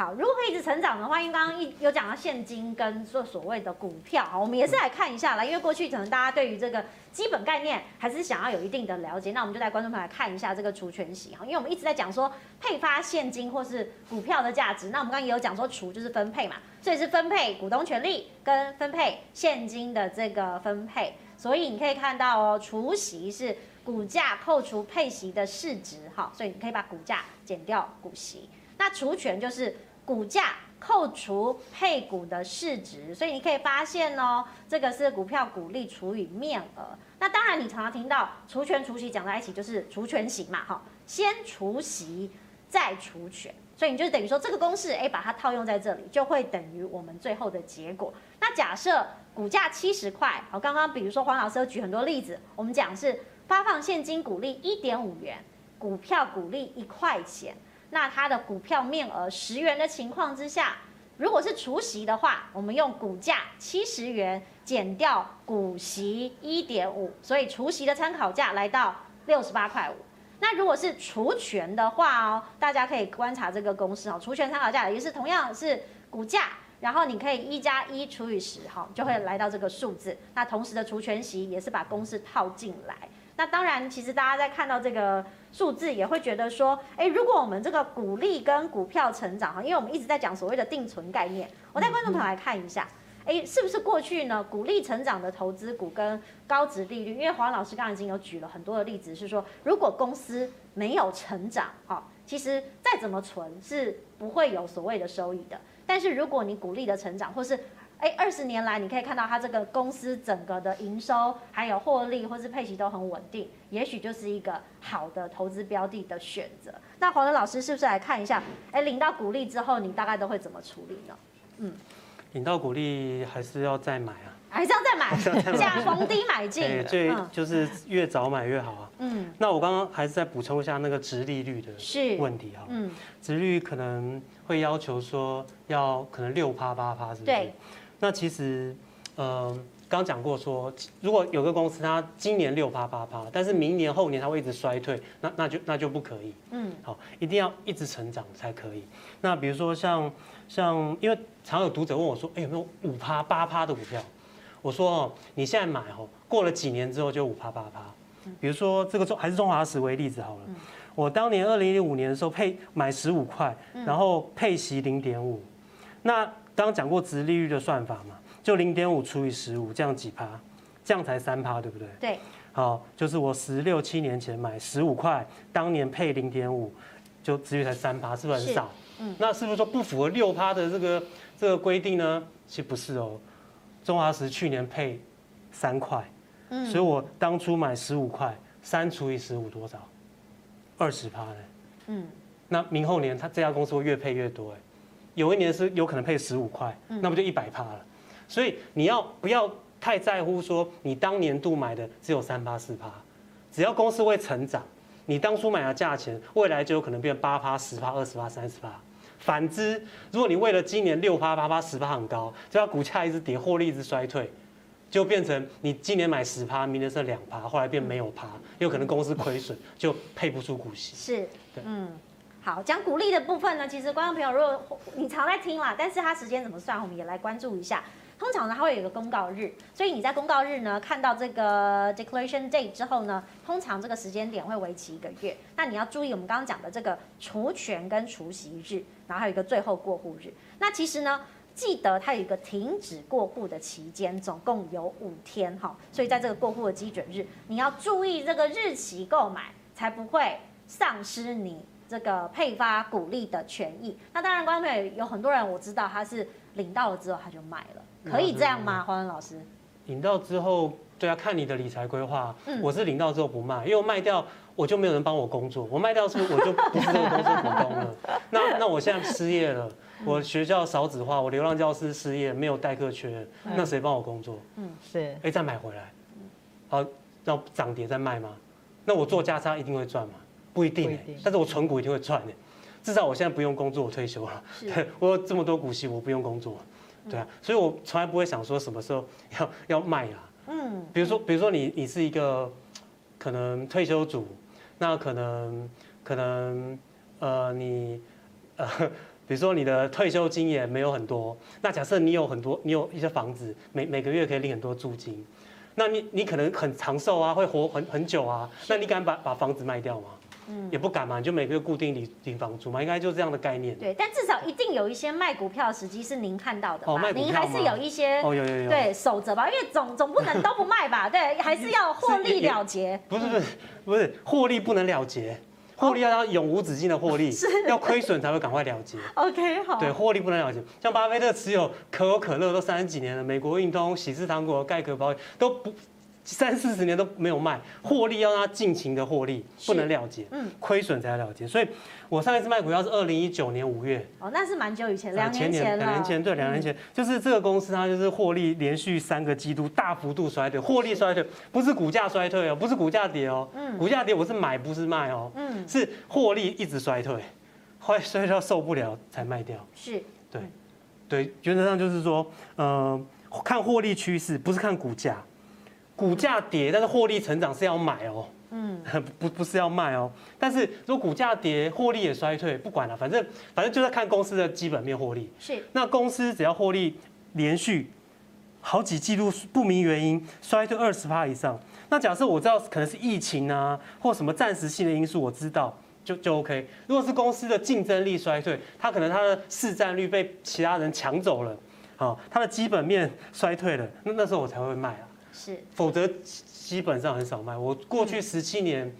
Speaker 1: 好，如果一直成長的話，因為剛剛一有講到現金跟所所謂的股票，好，我們也是來看一下啦。因為過去可能大家對於這個基本概念還是想要有一定的了解，那我們就帶觀眾朋友來看一下這個除權息哈。因為我們一直在講說配發現金或是股票的價值，那我們剛剛也有講說除就是分配嘛，所以是分配股東權利跟分配現金的這個分配。所以你可以看到哦，除息是股價扣除配息的市值哈，所以你可以把股價減掉股息。那除權就是。股價扣除配股的市值，所以你可以發現哦，這個是股票股利除以面額。那當然，你常常聽到除權除息講在一起，就是除權息嘛，哈，先除息再除權。所以你就等於說這個公式，哎、欸，把它套用在這裡，就會等於我們最後的結果。那假設股價七十塊，好，剛剛比如說黃老師舉很多例子，我們講是發放現金股利一點五元，股票股利一塊錢。那它的股票面額十元的情況之下，如果是除息的話，我們用股價七十元減掉股息一點五，所以除息的參考價來到六十八塊五。那如果是除權的話哦，大家可以觀察這個公式哦，除權參考價也是同樣是股價，然後你可以一加一除以十哈，就會來到這個數字。那同時的除權息也是把公式套進來。那當然，其實大家在看到這個數字，也會覺得說，誒、欸，如果我們這個股利跟股票成長，哈，因為我們一直在講所謂的定存概念，我帶觀眾朋友來看一下，誒、欸，是不是過去呢，股利成長的投資股跟高殖利率？因為華倫老師剛才已經有舉了很多的例子，是說如果公司沒有成長，哈，其實再怎麼存是不會有所謂的收益的。但是如果你股利的成長，或是哎，二十年來，你可以看到它這個公司整個的營收、還有獲利或是配息都很穩定，也許就是一個好的投資標的的選擇。那華倫老師是不是來看一下？哎，領到股利之後，你大概都會怎麼處理呢？嗯，
Speaker 2: 領到股利還是要再買啊，
Speaker 1: 還是要再買，價逢低買進。 對就、嗯，
Speaker 2: 就是越早買越好啊。嗯，那我剛剛還是再補充一下那個殖利率的，是問題
Speaker 4: 哈。嗯，
Speaker 2: 殖利率可能會要求說要可能六趴八趴，是不是對？那其實，嗯、呃，剛講過說，如果有個公司它今年六趴八趴，但是明年後年它會一直衰退，那那就那就不可以，嗯，好，一定要一直成長才可以。那比如說像像，因為常有讀者問我說，哎、欸、有沒有五趴八趴的股票？我說哦，你現在買哦，過了幾年之後就五趴八趴。比如說這個中還是中華食為例子好了，我當年二零零五年的時候配買十五塊，然後配息零點五，那。剛剛講過殖利率的算法嘛，就零點五除以十五，這樣幾趴，這樣才三趴，對不對？對。好，就是我十六七年前買十五塊，當年配零點五，就殖利率才三趴，是不是很少是？嗯。那是不是說不符合六趴的這個這個規定呢？其實不是哦，中華食去年配三塊，嗯，所以我當初買十五塊，三除以十五多少？二十趴呢？嗯。那明後年他這家公司會越配越多哎、欸。有一年是有可能配十五塊，那不就一百趴了？所以你要不要太在乎說你當年度買的只有三趴四趴，只要公司會成長，你當初買的價錢，未來就有可能變八趴十趴二十趴三十趴。反之，如果你為了今年六趴八趴十趴很高，就要股價一直跌，獲利一直衰退，就變成你今年買十趴，明年是兩趴，後來變沒有趴，有可能公司虧損就配不出股息。
Speaker 1: 是，對，嗯。好，講股利的部分呢，其實觀眾朋友如果你常在聽啦，但是它時間怎麼算，我們也來關注一下。通常呢，它會有一個公告日，所以你在公告日呢，看到這個 Declaration Date 之後呢，通常這個時間點會維持一個月。那你要注意我們剛剛講的這個除權跟除息日，然後還有一個最後過戶日。那其實呢，記得它有一個停止過戶的期間，總共有五天哈。所以在這個過戶的基準日，你要注意這個日期購買，才不會喪失你。這個配發股利的權益，那當然，官配有很多人，我知道他是領到了之後他就賣了，可以這樣嗎？華倫老師，
Speaker 2: 領到之後，對啊，看你的理財規劃，我是領到之後不賣，因為我賣掉我就沒有人幫我工作，我賣掉是不是我就不是公司股東了？那那我現在失業了，我學校少子化，我流浪教師失業，沒有代課缺，那誰幫我工作？嗯，是，哎，再買回來，好，要漲跌再賣嗎？那我做價差一定會賺嗎？不一定、欸、不一定，但是我存股一定會賺的、欸。至少我現在不用工作，我退休了，對，我有這麼多股息，我不用工作，對啊，嗯、所以我從來不會想說什麼時候要要賣啊。嗯，比如說比如說你你是一個可能退休族，那可能可能呃你呃比如說你的退休金也沒有很多，那假設你有很多你有一些房子，每每個月可以領很多租金，那你你可能很長壽啊，會活很很久啊，那你敢把把房子賣掉嗎？也不敢嘛，就每個月固定領領房租嘛，應該就是這樣的概念。
Speaker 1: 對，但至少一定有一些賣股票的時機是您看到的吧？您、哦、還是有一些哦有有有對守着吧，因為總總不能都不賣吧？對，還是要獲利了結。
Speaker 2: 不是不是不是，獲利不能了結，獲利要要永無止境的獲利，哦、要虧損才會趕快了結。
Speaker 4: OK 好。對，
Speaker 2: 獲利不能了結，像巴菲特持有可口可樂都三十幾年了，美國運通、喜詩糖果、蓋可保都不。三四十年都沒有賣，獲利要讓他盡情的獲利，不能了結，嗯，虧損才要了結。所以我上一次賣股票是二零一九年五月，哦，
Speaker 1: 那是蠻久以前，兩年前兩年前，
Speaker 2: 對，兩年前，就是這個公司它就是獲利連續三個季度大幅度衰退，獲利衰退不是股價衰退哦，不是股價跌哦，嗯，股價跌我是買不是賣哦，嗯，是獲利一直衰退，壞衰到受不了才賣掉。是，對，對，原則上就是說，嗯，看獲利趨勢，不是看股價。股價跌，但是獲利成長是要買哦、喔，嗯，不不是要賣哦、喔。但是如果股價跌，獲利也衰退，不管了，反正反正就在看公司的基本面獲利。是，那公司只要獲利連續好幾季度不明原因衰退二十趴以上，那假設我知道可能是疫情啊，或什麼暫時性的因素，我知道就就 OK。如果是公司的競爭力衰退，它可能它的市占率被其他人搶走了，好、哦，它的基本面衰退了，那那時候我才會賣啊。否則基本上很少賣。我過去十七年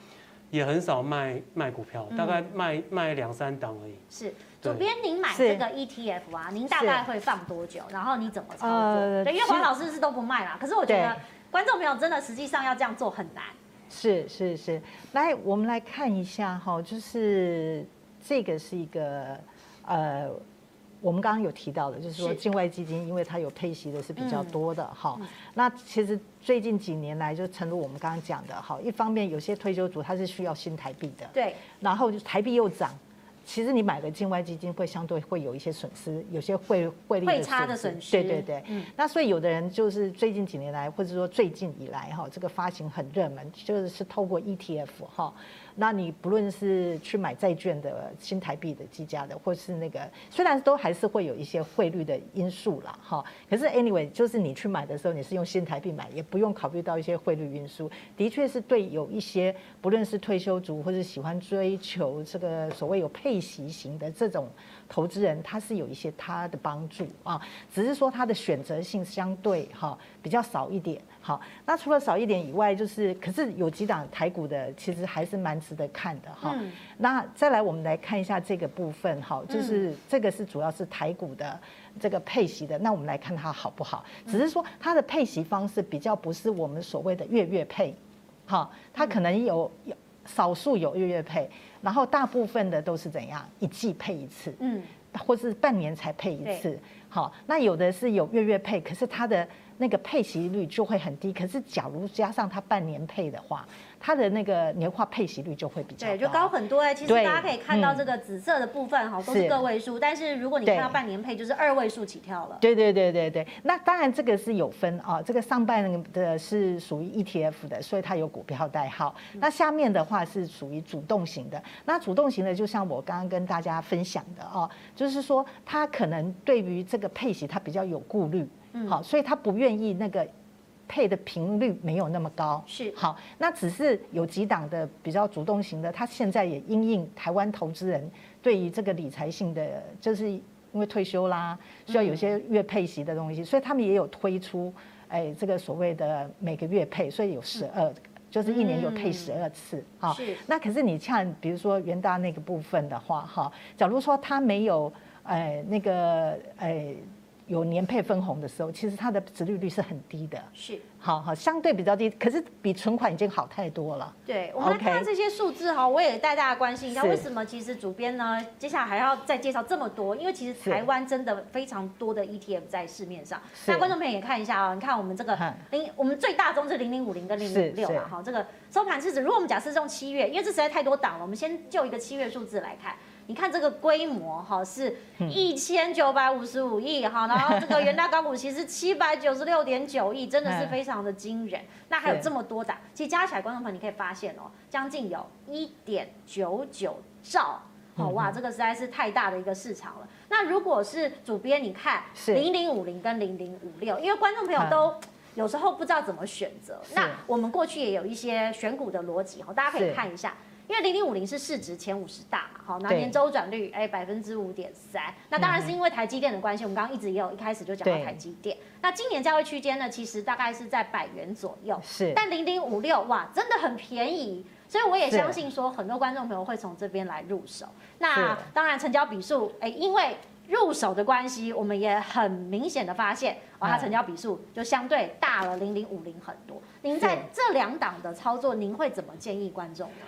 Speaker 2: 也很少賣、嗯、賣股票，嗯、大概賣賣兩三檔而已。是，
Speaker 1: 主編，您買這個 ETF 啊？您大概會放多久？然後你怎麼操作？呃、對，因為華倫老師是都不賣啦。可是我覺得觀眾朋友真的實際上要這樣做很難。
Speaker 3: 是是是，來我們來看一下哈，就是這個是一個呃。我們剛剛有提到的，就是說境外基金，因為它有配息的是比較多的哈。那其實最近幾年來，就誠如我們剛剛講的，哈，一方面有些退休族他是需要新台幣的，對。然後就台幣又漲，其實你買個境外基金會相對會有一些損失，有些匯匯率的損失。對對對，那所以有的人就是最近幾年來，或者說最近以來哈，這個發行很熱門，就是是透過 ETF 哈。那你不論是去買債券的新台幣的計價的，或是那個，雖然都還是會有一些匯率的因素啦，哈。可是 anyway，就是你去買的時候，你是用新台幣買，也不用考慮到一些匯率運輸。的確是對有一些不論是退休族或是喜歡追求這個所謂有配息型的這種投資人，他是有一些他的幫助啊，只是說他的選擇性相對哈比較少一點。好，那除了少一點以外，就是可是有幾檔台股的，其實還是蠻值得看的哈、嗯。那再來，我們來看一下這個部分哈，就是這個是主要是台股的這個配息的。那我們來看它好不好？只是說它的配息方式比較不是我們所謂的月月配，哈，它可能有有少數有月月配，然後大部分的都是怎樣一季配一次，嗯，或是半年才配一次、嗯。好，那有的是有月月配，可是它的。那個配息率就會很低，可是假如加上它半年配的話，它的那個年化配息率就會比較
Speaker 1: 高。對，就高很多、欸、其實大家可以看到這個紫色的部分哈，都是個位數，但是如果你看到半年配，就是二位數起跳了。
Speaker 3: 對對對對對,對，那當然這個是有分啊，這個上半的是屬於 ETF 的，所以它有股票代號。那下面的話是屬於主動型的，那主動型的就像我剛剛跟大家分享的哦、啊，就是說它可能對於這個配息它比較有顧慮。嗯，好，所以他不願意那個配的頻率沒有那麼高，是好，那只是有幾檔的比較主動型的，他現在也因應台灣投資人對於這個理財性的，就是因為退休啦，需要有些月配息的東西，嗯、所以他們也有推出，哎，這個所謂的每個月配，所以有十二、嗯，就是一年有配十二次、嗯、好，那可是你像比如說元大那個部分的話，哈，假如說他沒有，哎，那個，哎。有年配分紅的時候，其實它的殖利率是很低的，是，好好相對比較低，可是比存款已經好太多了。
Speaker 1: 對，我們來看看這些數字哈，我也帶大家關心一下，為什麼其實主編呢，接下來還要再介紹這麼多？因為其實台灣真的非常多的 ETF 在市面上，那觀眾朋友也看一下啊、喔，你看我們這個零、嗯，我們最大宗是零零五零跟零零五六嘛，哈，這個收盤是指，如果我們假設用七月，因為這實在太多檔了，我們先就一個七月數字來看。你看這個規模哈，是一千九百五十五億哈，然後這個元大港股其實七百九十六點九億， 真的是非常的驚人，嗯。那還有這麼多檔，其實加起來，觀眾朋友你可以發現哦，將近有一點九九兆好，嗯，哇，這個實在是太大的一個市場了。嗯、那如果是主編，你看零零五零跟零零五六，因為觀眾朋友都有時候不知道怎麼選擇，嗯，那我們過去也有一些選股的邏輯哈，大家可以看一下，因為零零五零是市值前五十大嘛。好，那年週轉率哎，百分之五點三，欸、那當然是因為台積電的關係、嗯。我們剛剛一直也有一開始就講到台積電。那今年價位區間呢，其實大概是在百元左右。是，但零零五六哇，真的很便宜。所以我也相信說，很多觀眾朋友會從這邊來入手。那當然成交筆數哎，因為入手的關係，我們也很明顯的發現哦，它成交筆數就相對大了零零五零很多。您在這兩檔的操作，您會怎麼建議觀眾呢？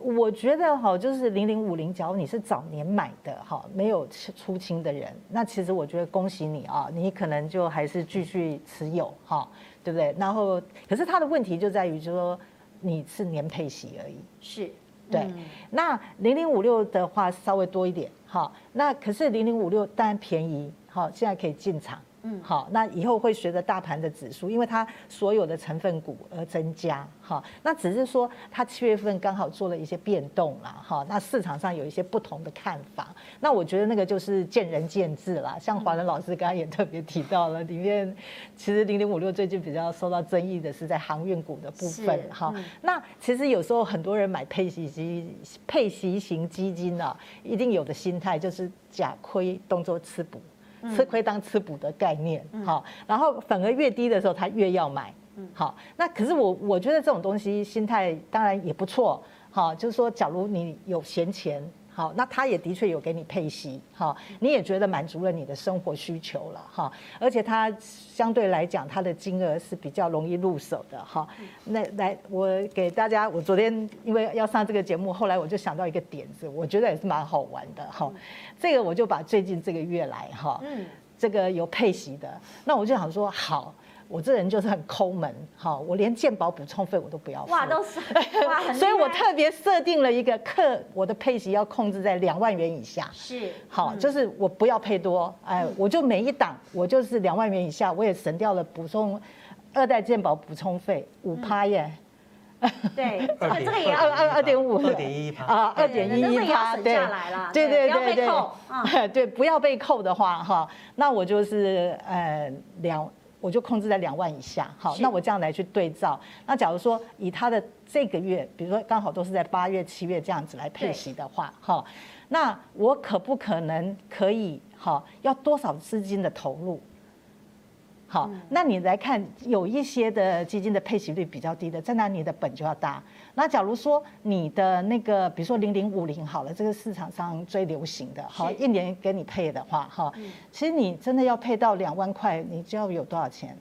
Speaker 3: 我覺得哈，就是零零五零，假如你是早年買的哈，沒有出清的人，那其實我覺得恭喜你啊，你可能就還是繼續持有哈，對不對？然後，可是他的問題就在於，就是說你是年配息而已，是、嗯、對。那零零五六的話稍微多一點哈，那可是零零五六當然便宜哈，現在可以進場。嗯，好，那以後會隨着大盤的指數，因為它所有的成分股而增加，哈，那只是說它七月份剛好做了一些變動啦，哈，那市場上有一些不同的看法，那我覺得那個就是見仁見智啦，像華倫老師剛剛也特別提到了，裡面其實零零五六最近比較受到爭議的是在航運股的部分，哈、嗯，那其實有時候很多人買配息基配息型基金啊，一定有的心態就是假虧當作吃補。吃虧當吃補的概念，好，然後反而越低的時候，他越要買，好。那可是我我覺得這種東西心態當然也不錯，好，就是說，假如你有閒錢。好，那他也的確有給你配息，哈，你也覺得滿足了你的生活需求了，哈，而且它相對來講，它的金額是比較容易入手的，哈。那來，我給大家，我昨天因為要上這個節目，後來我就想到一個點子，我覺得也是蠻好玩的，哈。這個我就把最近這個月來，哈，嗯，這個有配息的，那我就想說，好。我這人就是很摳門，哈，我連健保補充費我都不要付，哇，
Speaker 1: 都
Speaker 4: 是 所以，我特
Speaker 3: 別設定了一個客，克我的配息要控制在兩萬元以下，
Speaker 4: 是，好，嗯、就
Speaker 3: 是我不要配多，哎、呃嗯，我就每一檔我就是兩萬元以下，我也省掉了補充二代健保補充費五趴耶、嗯，對，這二點二二點五，二點一一趴啊，二點一一趴，啊、對，省下來了對，對，對，對對對要被扣、嗯，對，不要被扣的話，哈、哦，那我就是呃兩。2, 我就控制在兩萬以下，好，那我這樣來去對照。那假如說以他的這個月，比如說剛好都是在八月、七月這樣子來配息的話，好，那我可不可能可以？好，要多少資金的投入？好，那你來看有一些的基金的配息率比較低的，在那你的本就要大。那假如說你的那個，比如說零零五零好了，這個市場上最流行的，好一年給你配的話，哈、嗯，其實你真的要配到兩萬塊，你就要有多少錢？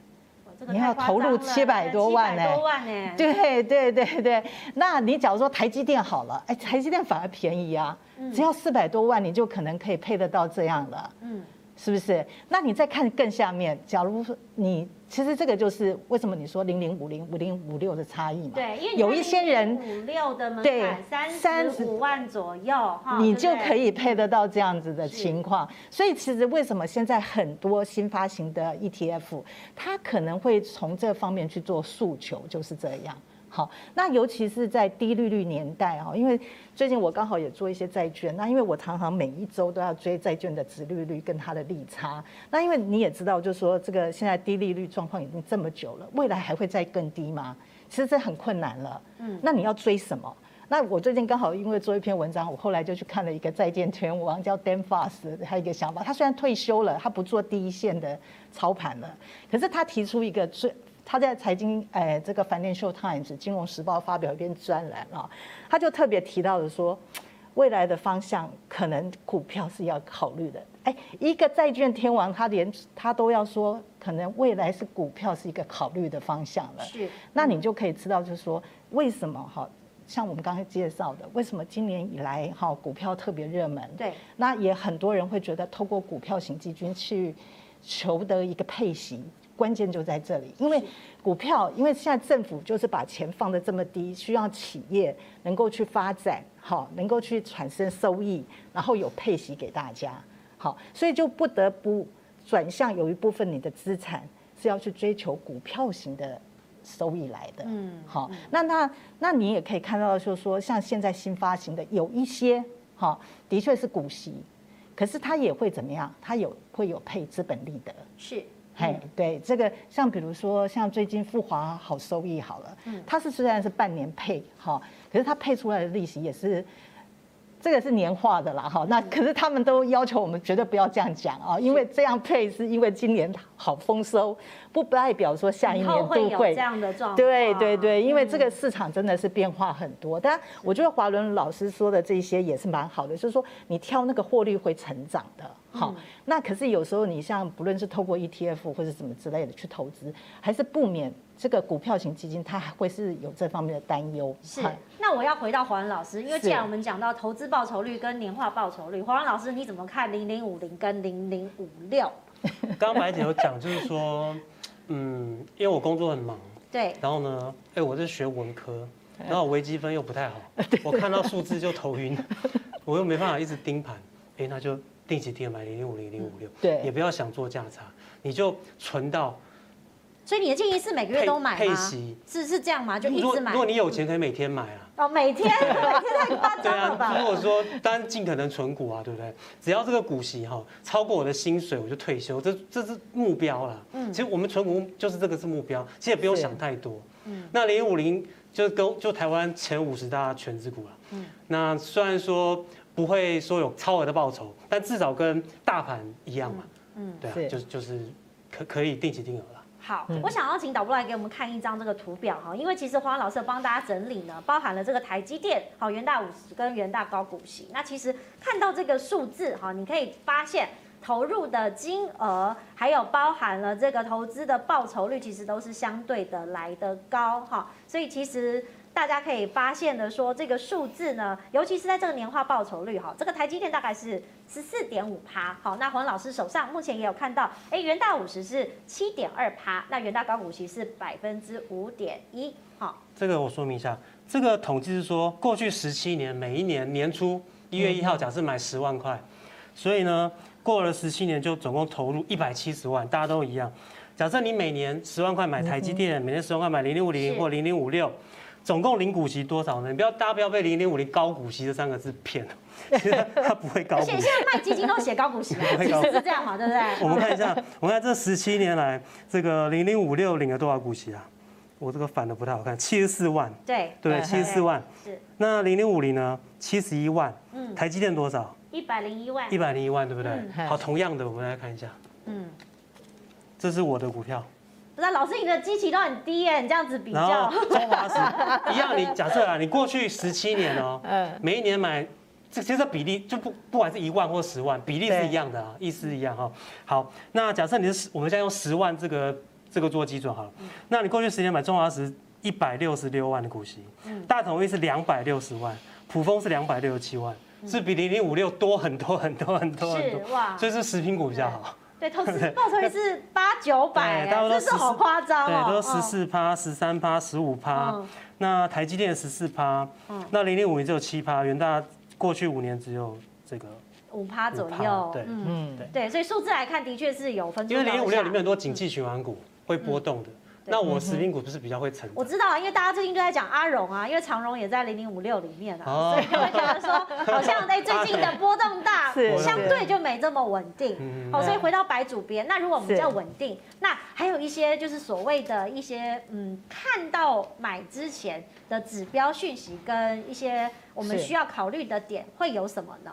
Speaker 4: 這個、你要投入七百多萬呢、欸七百多
Speaker 3: 萬欸？對對對對，那你假如說台積電好了，哎、欸，台積電反而便宜啊，嗯、只要四百多萬，你就可能可以配得到這樣的。嗯。是不是？那你再看更下面，假如說你其實這個就是為什麼你說零零五零五零五六的差異嘛？對，因為有一些人五
Speaker 1: 六的嘛，門檻三十五萬左右哈，30, 你就可
Speaker 3: 以配得到這樣子的情況。所以其實為什麼現在很多新發行的 ETF，它可能會從這方面去做訴求，就是這樣。好，那尤其是在低利率年代啊，因為。最近我剛好也做一些債券，那因為我常常每一周都要追債券的殖利率跟它的利差。那因為你也知道，就是說這個現在低利率狀況已經這麼久了，未來還會再更低嗎？其實這很困難了。嗯，那你要追什麼？那我最近剛好因為做一篇文章，我後來就去看了一個債券天王叫 Dan Fuss，他有一個想法，他雖然退休了，他不做第一線的操盤了，可是他提出一個最。他在財經哎、呃、這個《Financial Times》金融時報發表一篇專欄啊，他就特別提到的說，未來的方向可能股票是要考慮的。哎、欸，一個債券天王，他連他都要說，可能未來是股票是一個考慮的方向了。是，那你就可以知道，就是說為什麼哈，像我們剛才介紹的，為什麼今年以來哈、哦、股票特別熱門？對，那也很多人會覺得，透過股票型基金去求得一個配息。關鍵就在這裡，因為股票，因為現在政府就是把錢放得這麼低，需要企業能夠去發展，好，能夠去產生收益，然後有配息給大家，好，所以就不得不轉向有一部分你的資產是要去追求股票型的收益來的，嗯，好，那那那你也可以看到，就是說像現在新發行的有一些，好，的確是股息，可是它也會怎麼樣？它有會有配資本利得，是。哎、嗯，對這個，像比如說，像最近富華好收益，好了，嗯、它是雖然是半年配哈、哦，可是它配出來的利息也是。這個是年化的啦，哈，那可是他們都要求我們絕對不要這樣講啊，因為這樣配是因為今年好豐收，不不代表說下一年都會這樣的狀況。
Speaker 1: 對對對，因為這
Speaker 3: 個市場真的是變化很多。但我覺得華倫老師說的這些也是蠻好的，就是說你挑那個獲利會成長的，好。那可是有時候你像不論是透過 ETF 或者什麼之類的去投資，還是不免。這個股票型基金，它還會是有這方面的擔憂。
Speaker 1: 是，那我要回到華安老師，因為既然我們講到投資報酬率跟年化報酬率，華安老師你怎麼看零零五零跟零零五六？
Speaker 2: 剛買白姐有講，就是說，嗯，因為我工作很忙，對，然後呢，哎、欸，我是學文科，然後我微積分又不太好，我看到數字就頭暈， 我又沒辦法一直盯盤，哎、欸，那就定期定額買零零五零零五六，對，也不要想做價差，你就存到。
Speaker 1: 所以你的建議是每個月都買配息是是這樣嗎？就一直買。如、嗯、果如果你有錢，
Speaker 2: 可以每天買啊。哦，
Speaker 1: 每天 每天
Speaker 2: 太誇張了吧。對啊。如果說，當然盡可能存股啊，對不對？只要這個股息哈、哦、超過我的薪水，我就退休，這這是目標了。嗯，其實我們存股就是這個是目標，其實也不用想太多。嗯。那零五零就跟就台灣前五十大權值股
Speaker 4: 了、
Speaker 2: 啊。嗯。那雖然說不會說有超額的報酬，但至少跟大盤一樣嘛。嗯，嗯對
Speaker 4: 啊，是就,就是
Speaker 2: 就是可可以定期定額。
Speaker 1: 好、嗯，我想要請導播來給我們看一張這個圖表哈，因為其實華倫老師幫大家整理呢，包含了這個台積電，好，元大五十跟元大高股息。那其實看到這個數字哈，你可以發現投入的金額，還有包含了這個投資的報酬率，其實都是相對的來得高哈，所以其實。大家可以發現的說，這個數字呢，尤其是在這個年化報酬率哈，這個台積電大概是十四點五趴。好，那華倫老師手上目前也有看到，哎，元大五十是七點二趴，那元大高股息是百分之五點一。好，
Speaker 2: 這個我說明一下，這個統計是說，過去十七年每一年年初一月一號，假設買十萬塊，所以呢，過了十七年就總共投入一百七十萬，大家都一樣。假設你每年十萬塊買台積電，每年十萬塊買零零五零或零零五六，總共領股息多少呢？你不要，大家不要被“零零五零高股息”這三個字騙了。其實它不會高。現 現在
Speaker 4: 賣基金都
Speaker 1: 寫高股息、啊，不會 其高。是這樣嘛，對不對？我們看一下，
Speaker 2: 我們看這十七年來，這個零零五六領了多少股息啊？我這個反的不太好看，七十四萬。
Speaker 1: 對對，七十四萬。是。
Speaker 2: 那零零五零呢？七十一萬。嗯。台積電多少？一
Speaker 1: 百零一萬。一百
Speaker 2: 零一萬，對不對、嗯？好，同樣的，我們來看一下。嗯。這是我的股票。
Speaker 1: 那老師，你的基期都很低耶，你這樣子比較中華食一樣，你假設
Speaker 2: 啊，你過去十七年哦、喔，每一年買，這其實這比例就不，不管是一萬或十萬，比例是一樣的啊，意思一樣哈。好，好，那假設你是我們現在用十萬這個這個做基準好了，那你過去十年買中華食一百六十六萬的股息，大統益是兩百六十萬，卜蜂是兩百六十七萬，是比零零五六多很多很多很多很多，就是，是食品股比較好。
Speaker 1: 對，投資報
Speaker 2: 酬也是八九百，哎，就是好誇張哦。對，都十四趴、十三趴、十五趴。那台積電十四趴，那零零五零只有七趴。元大過去五年只有這個
Speaker 4: 五
Speaker 1: 趴左右對、嗯對。對，嗯，對，所以數字來看，的確是有分。因為零零五六裡
Speaker 2: 面很多景氣循環股會波動的。嗯嗯那我食品股不是比較會成功？
Speaker 1: 我知道啊，因為大家最近就在講阿榮啊，因為長榮也在零零五六裡面啊，哦、
Speaker 2: 所以就會講說好
Speaker 4: 像在、欸、最近的波動大，相對就
Speaker 1: 沒這麼穩定。是是。好，所以回到白主編，那如果我們叫穩定，那還有一些就是所謂的一些嗯，看到買之前的指標訊息跟一些我們需要考慮的點，會有什麼呢？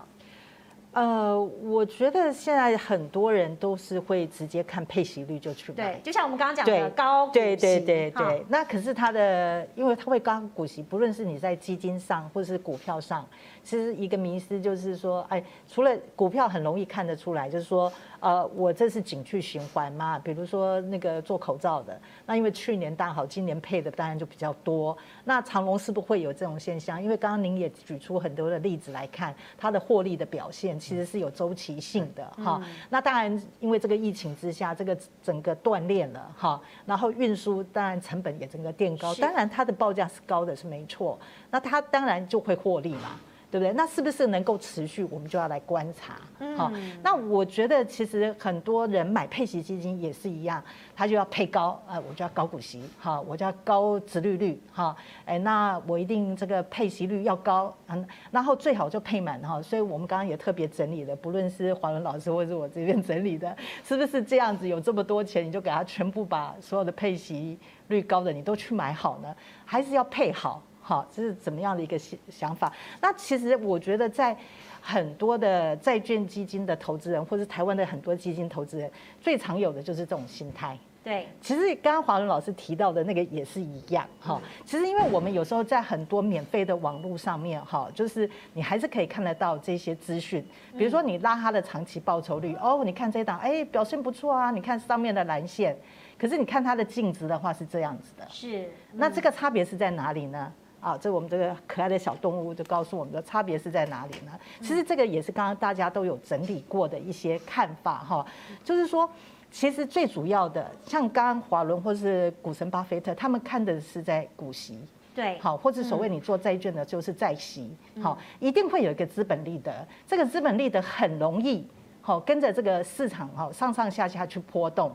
Speaker 1: 呃，
Speaker 3: 我覺得現在很多人都是會直接看配息率就去買，對，
Speaker 1: 就像我們
Speaker 4: 剛剛講的高股息，對對對對，
Speaker 3: 那可是它的，因為它會高股息，不論是你在基金上或者是股票上。其實一個迷思就是說，哎，除了股票很容易看得出來，就是說，呃，我這是景氣循環嘛。比如說那個做口罩的，那因為去年大好，今年配的當然就比較多。那長榮是不是會有這種現象？因為剛剛您也舉出很多的例子來看，它的獲利的表現其實是有周期性的哈、嗯嗯哦。那當然，因為這個疫情之下，這個整個斷鏈了哈、哦，然後運輸當然成本也整個墊高，當然它的報價是高的是沒錯，那它當然就會獲利嘛。嗯對不對？那是不是能夠持續？我們就要來觀察。
Speaker 4: 好、嗯，
Speaker 3: 那我覺得其實很多人買配息基金也是一樣，他就要配高啊，我就要高股息，哈，我就要高殖利率，哈，哎，那我一定這個配息率要高，嗯，然後最好就配滿哈。所以我們剛剛也特別整理了，不論是華倫老師或者我這邊整理的，是不是這樣子？有這麼多錢，你就給他全部把所有的配息率高的你都去買好呢？還是要配好？好，這是怎麼樣的一個想想法？那其實我覺得，在很多的債券基金的投資人，或是台灣的很多基金投資人，最常有的就是這種心態。
Speaker 4: 對，
Speaker 3: 其實剛剛華倫老師提到的那個也是一樣。哈，其實因為我們有時候在很多免費的網絡上面，哈，就是你還是可以看得到這些資訊。比如說你拉他的長期報酬率，哦，你看這一檔，哎，表現不錯啊，你看上面的藍線。可是你看它的淨值的話是這樣子的，是。那這個差別是在哪裡呢？啊，這我們這個可愛的小動物就告訴我們的差別是在哪裡呢？其實這個也是剛剛大家都有整理過的一些看法哈，就是說，其實最主要的，像剛剛華倫或是股神巴菲特，他們看的是在股息，對，好，或者所謂你做債券的，就是債息，好，一定會有一個資本利得，這個資本利得很容易，好，跟着這個市場哈上上下下去波動。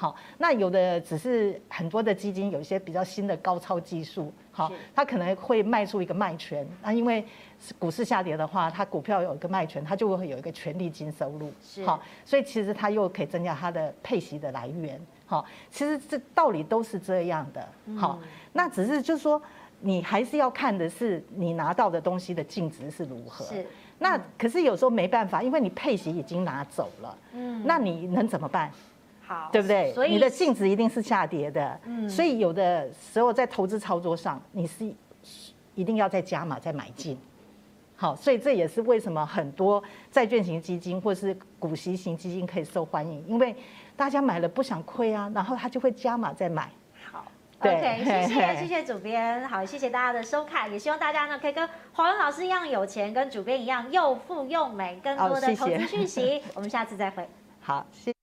Speaker 3: 好，那有的只是很多的基金有一些比較新的高超技術，好，它可能會賣出一個賣權，那因為股市下跌的話，它股票有一個賣權，它就會有一個權利金收入，是，好，所以其實它又可以增加它的配息的來源，好，其實這道理都是這樣的，好，嗯、那只是就是說你還是要看的是你拿到的東西的淨值是如何，是、嗯，那可是有時候沒辦法，因為你配息已經拿走了，嗯，那你能怎麼辦？
Speaker 4: 對不對？所以你的淨
Speaker 3: 值一定是下跌的。嗯。所以有的時候在投資操作上，你是一定要再加碼、再買進。好，所以這也是為什麼很多債券型基金或是股息型基金可以受歡迎，因為大家買了不想虧啊，然後他就會加碼再買。好。
Speaker 1: 對。Okay, 謝謝 謝謝主編，好謝謝大家的收看，也希望大家呢可以跟華倫老師一樣有錢，跟主編一樣又富又美。更多的投資訊息，哦、謝謝我們下次再會。好。謝謝。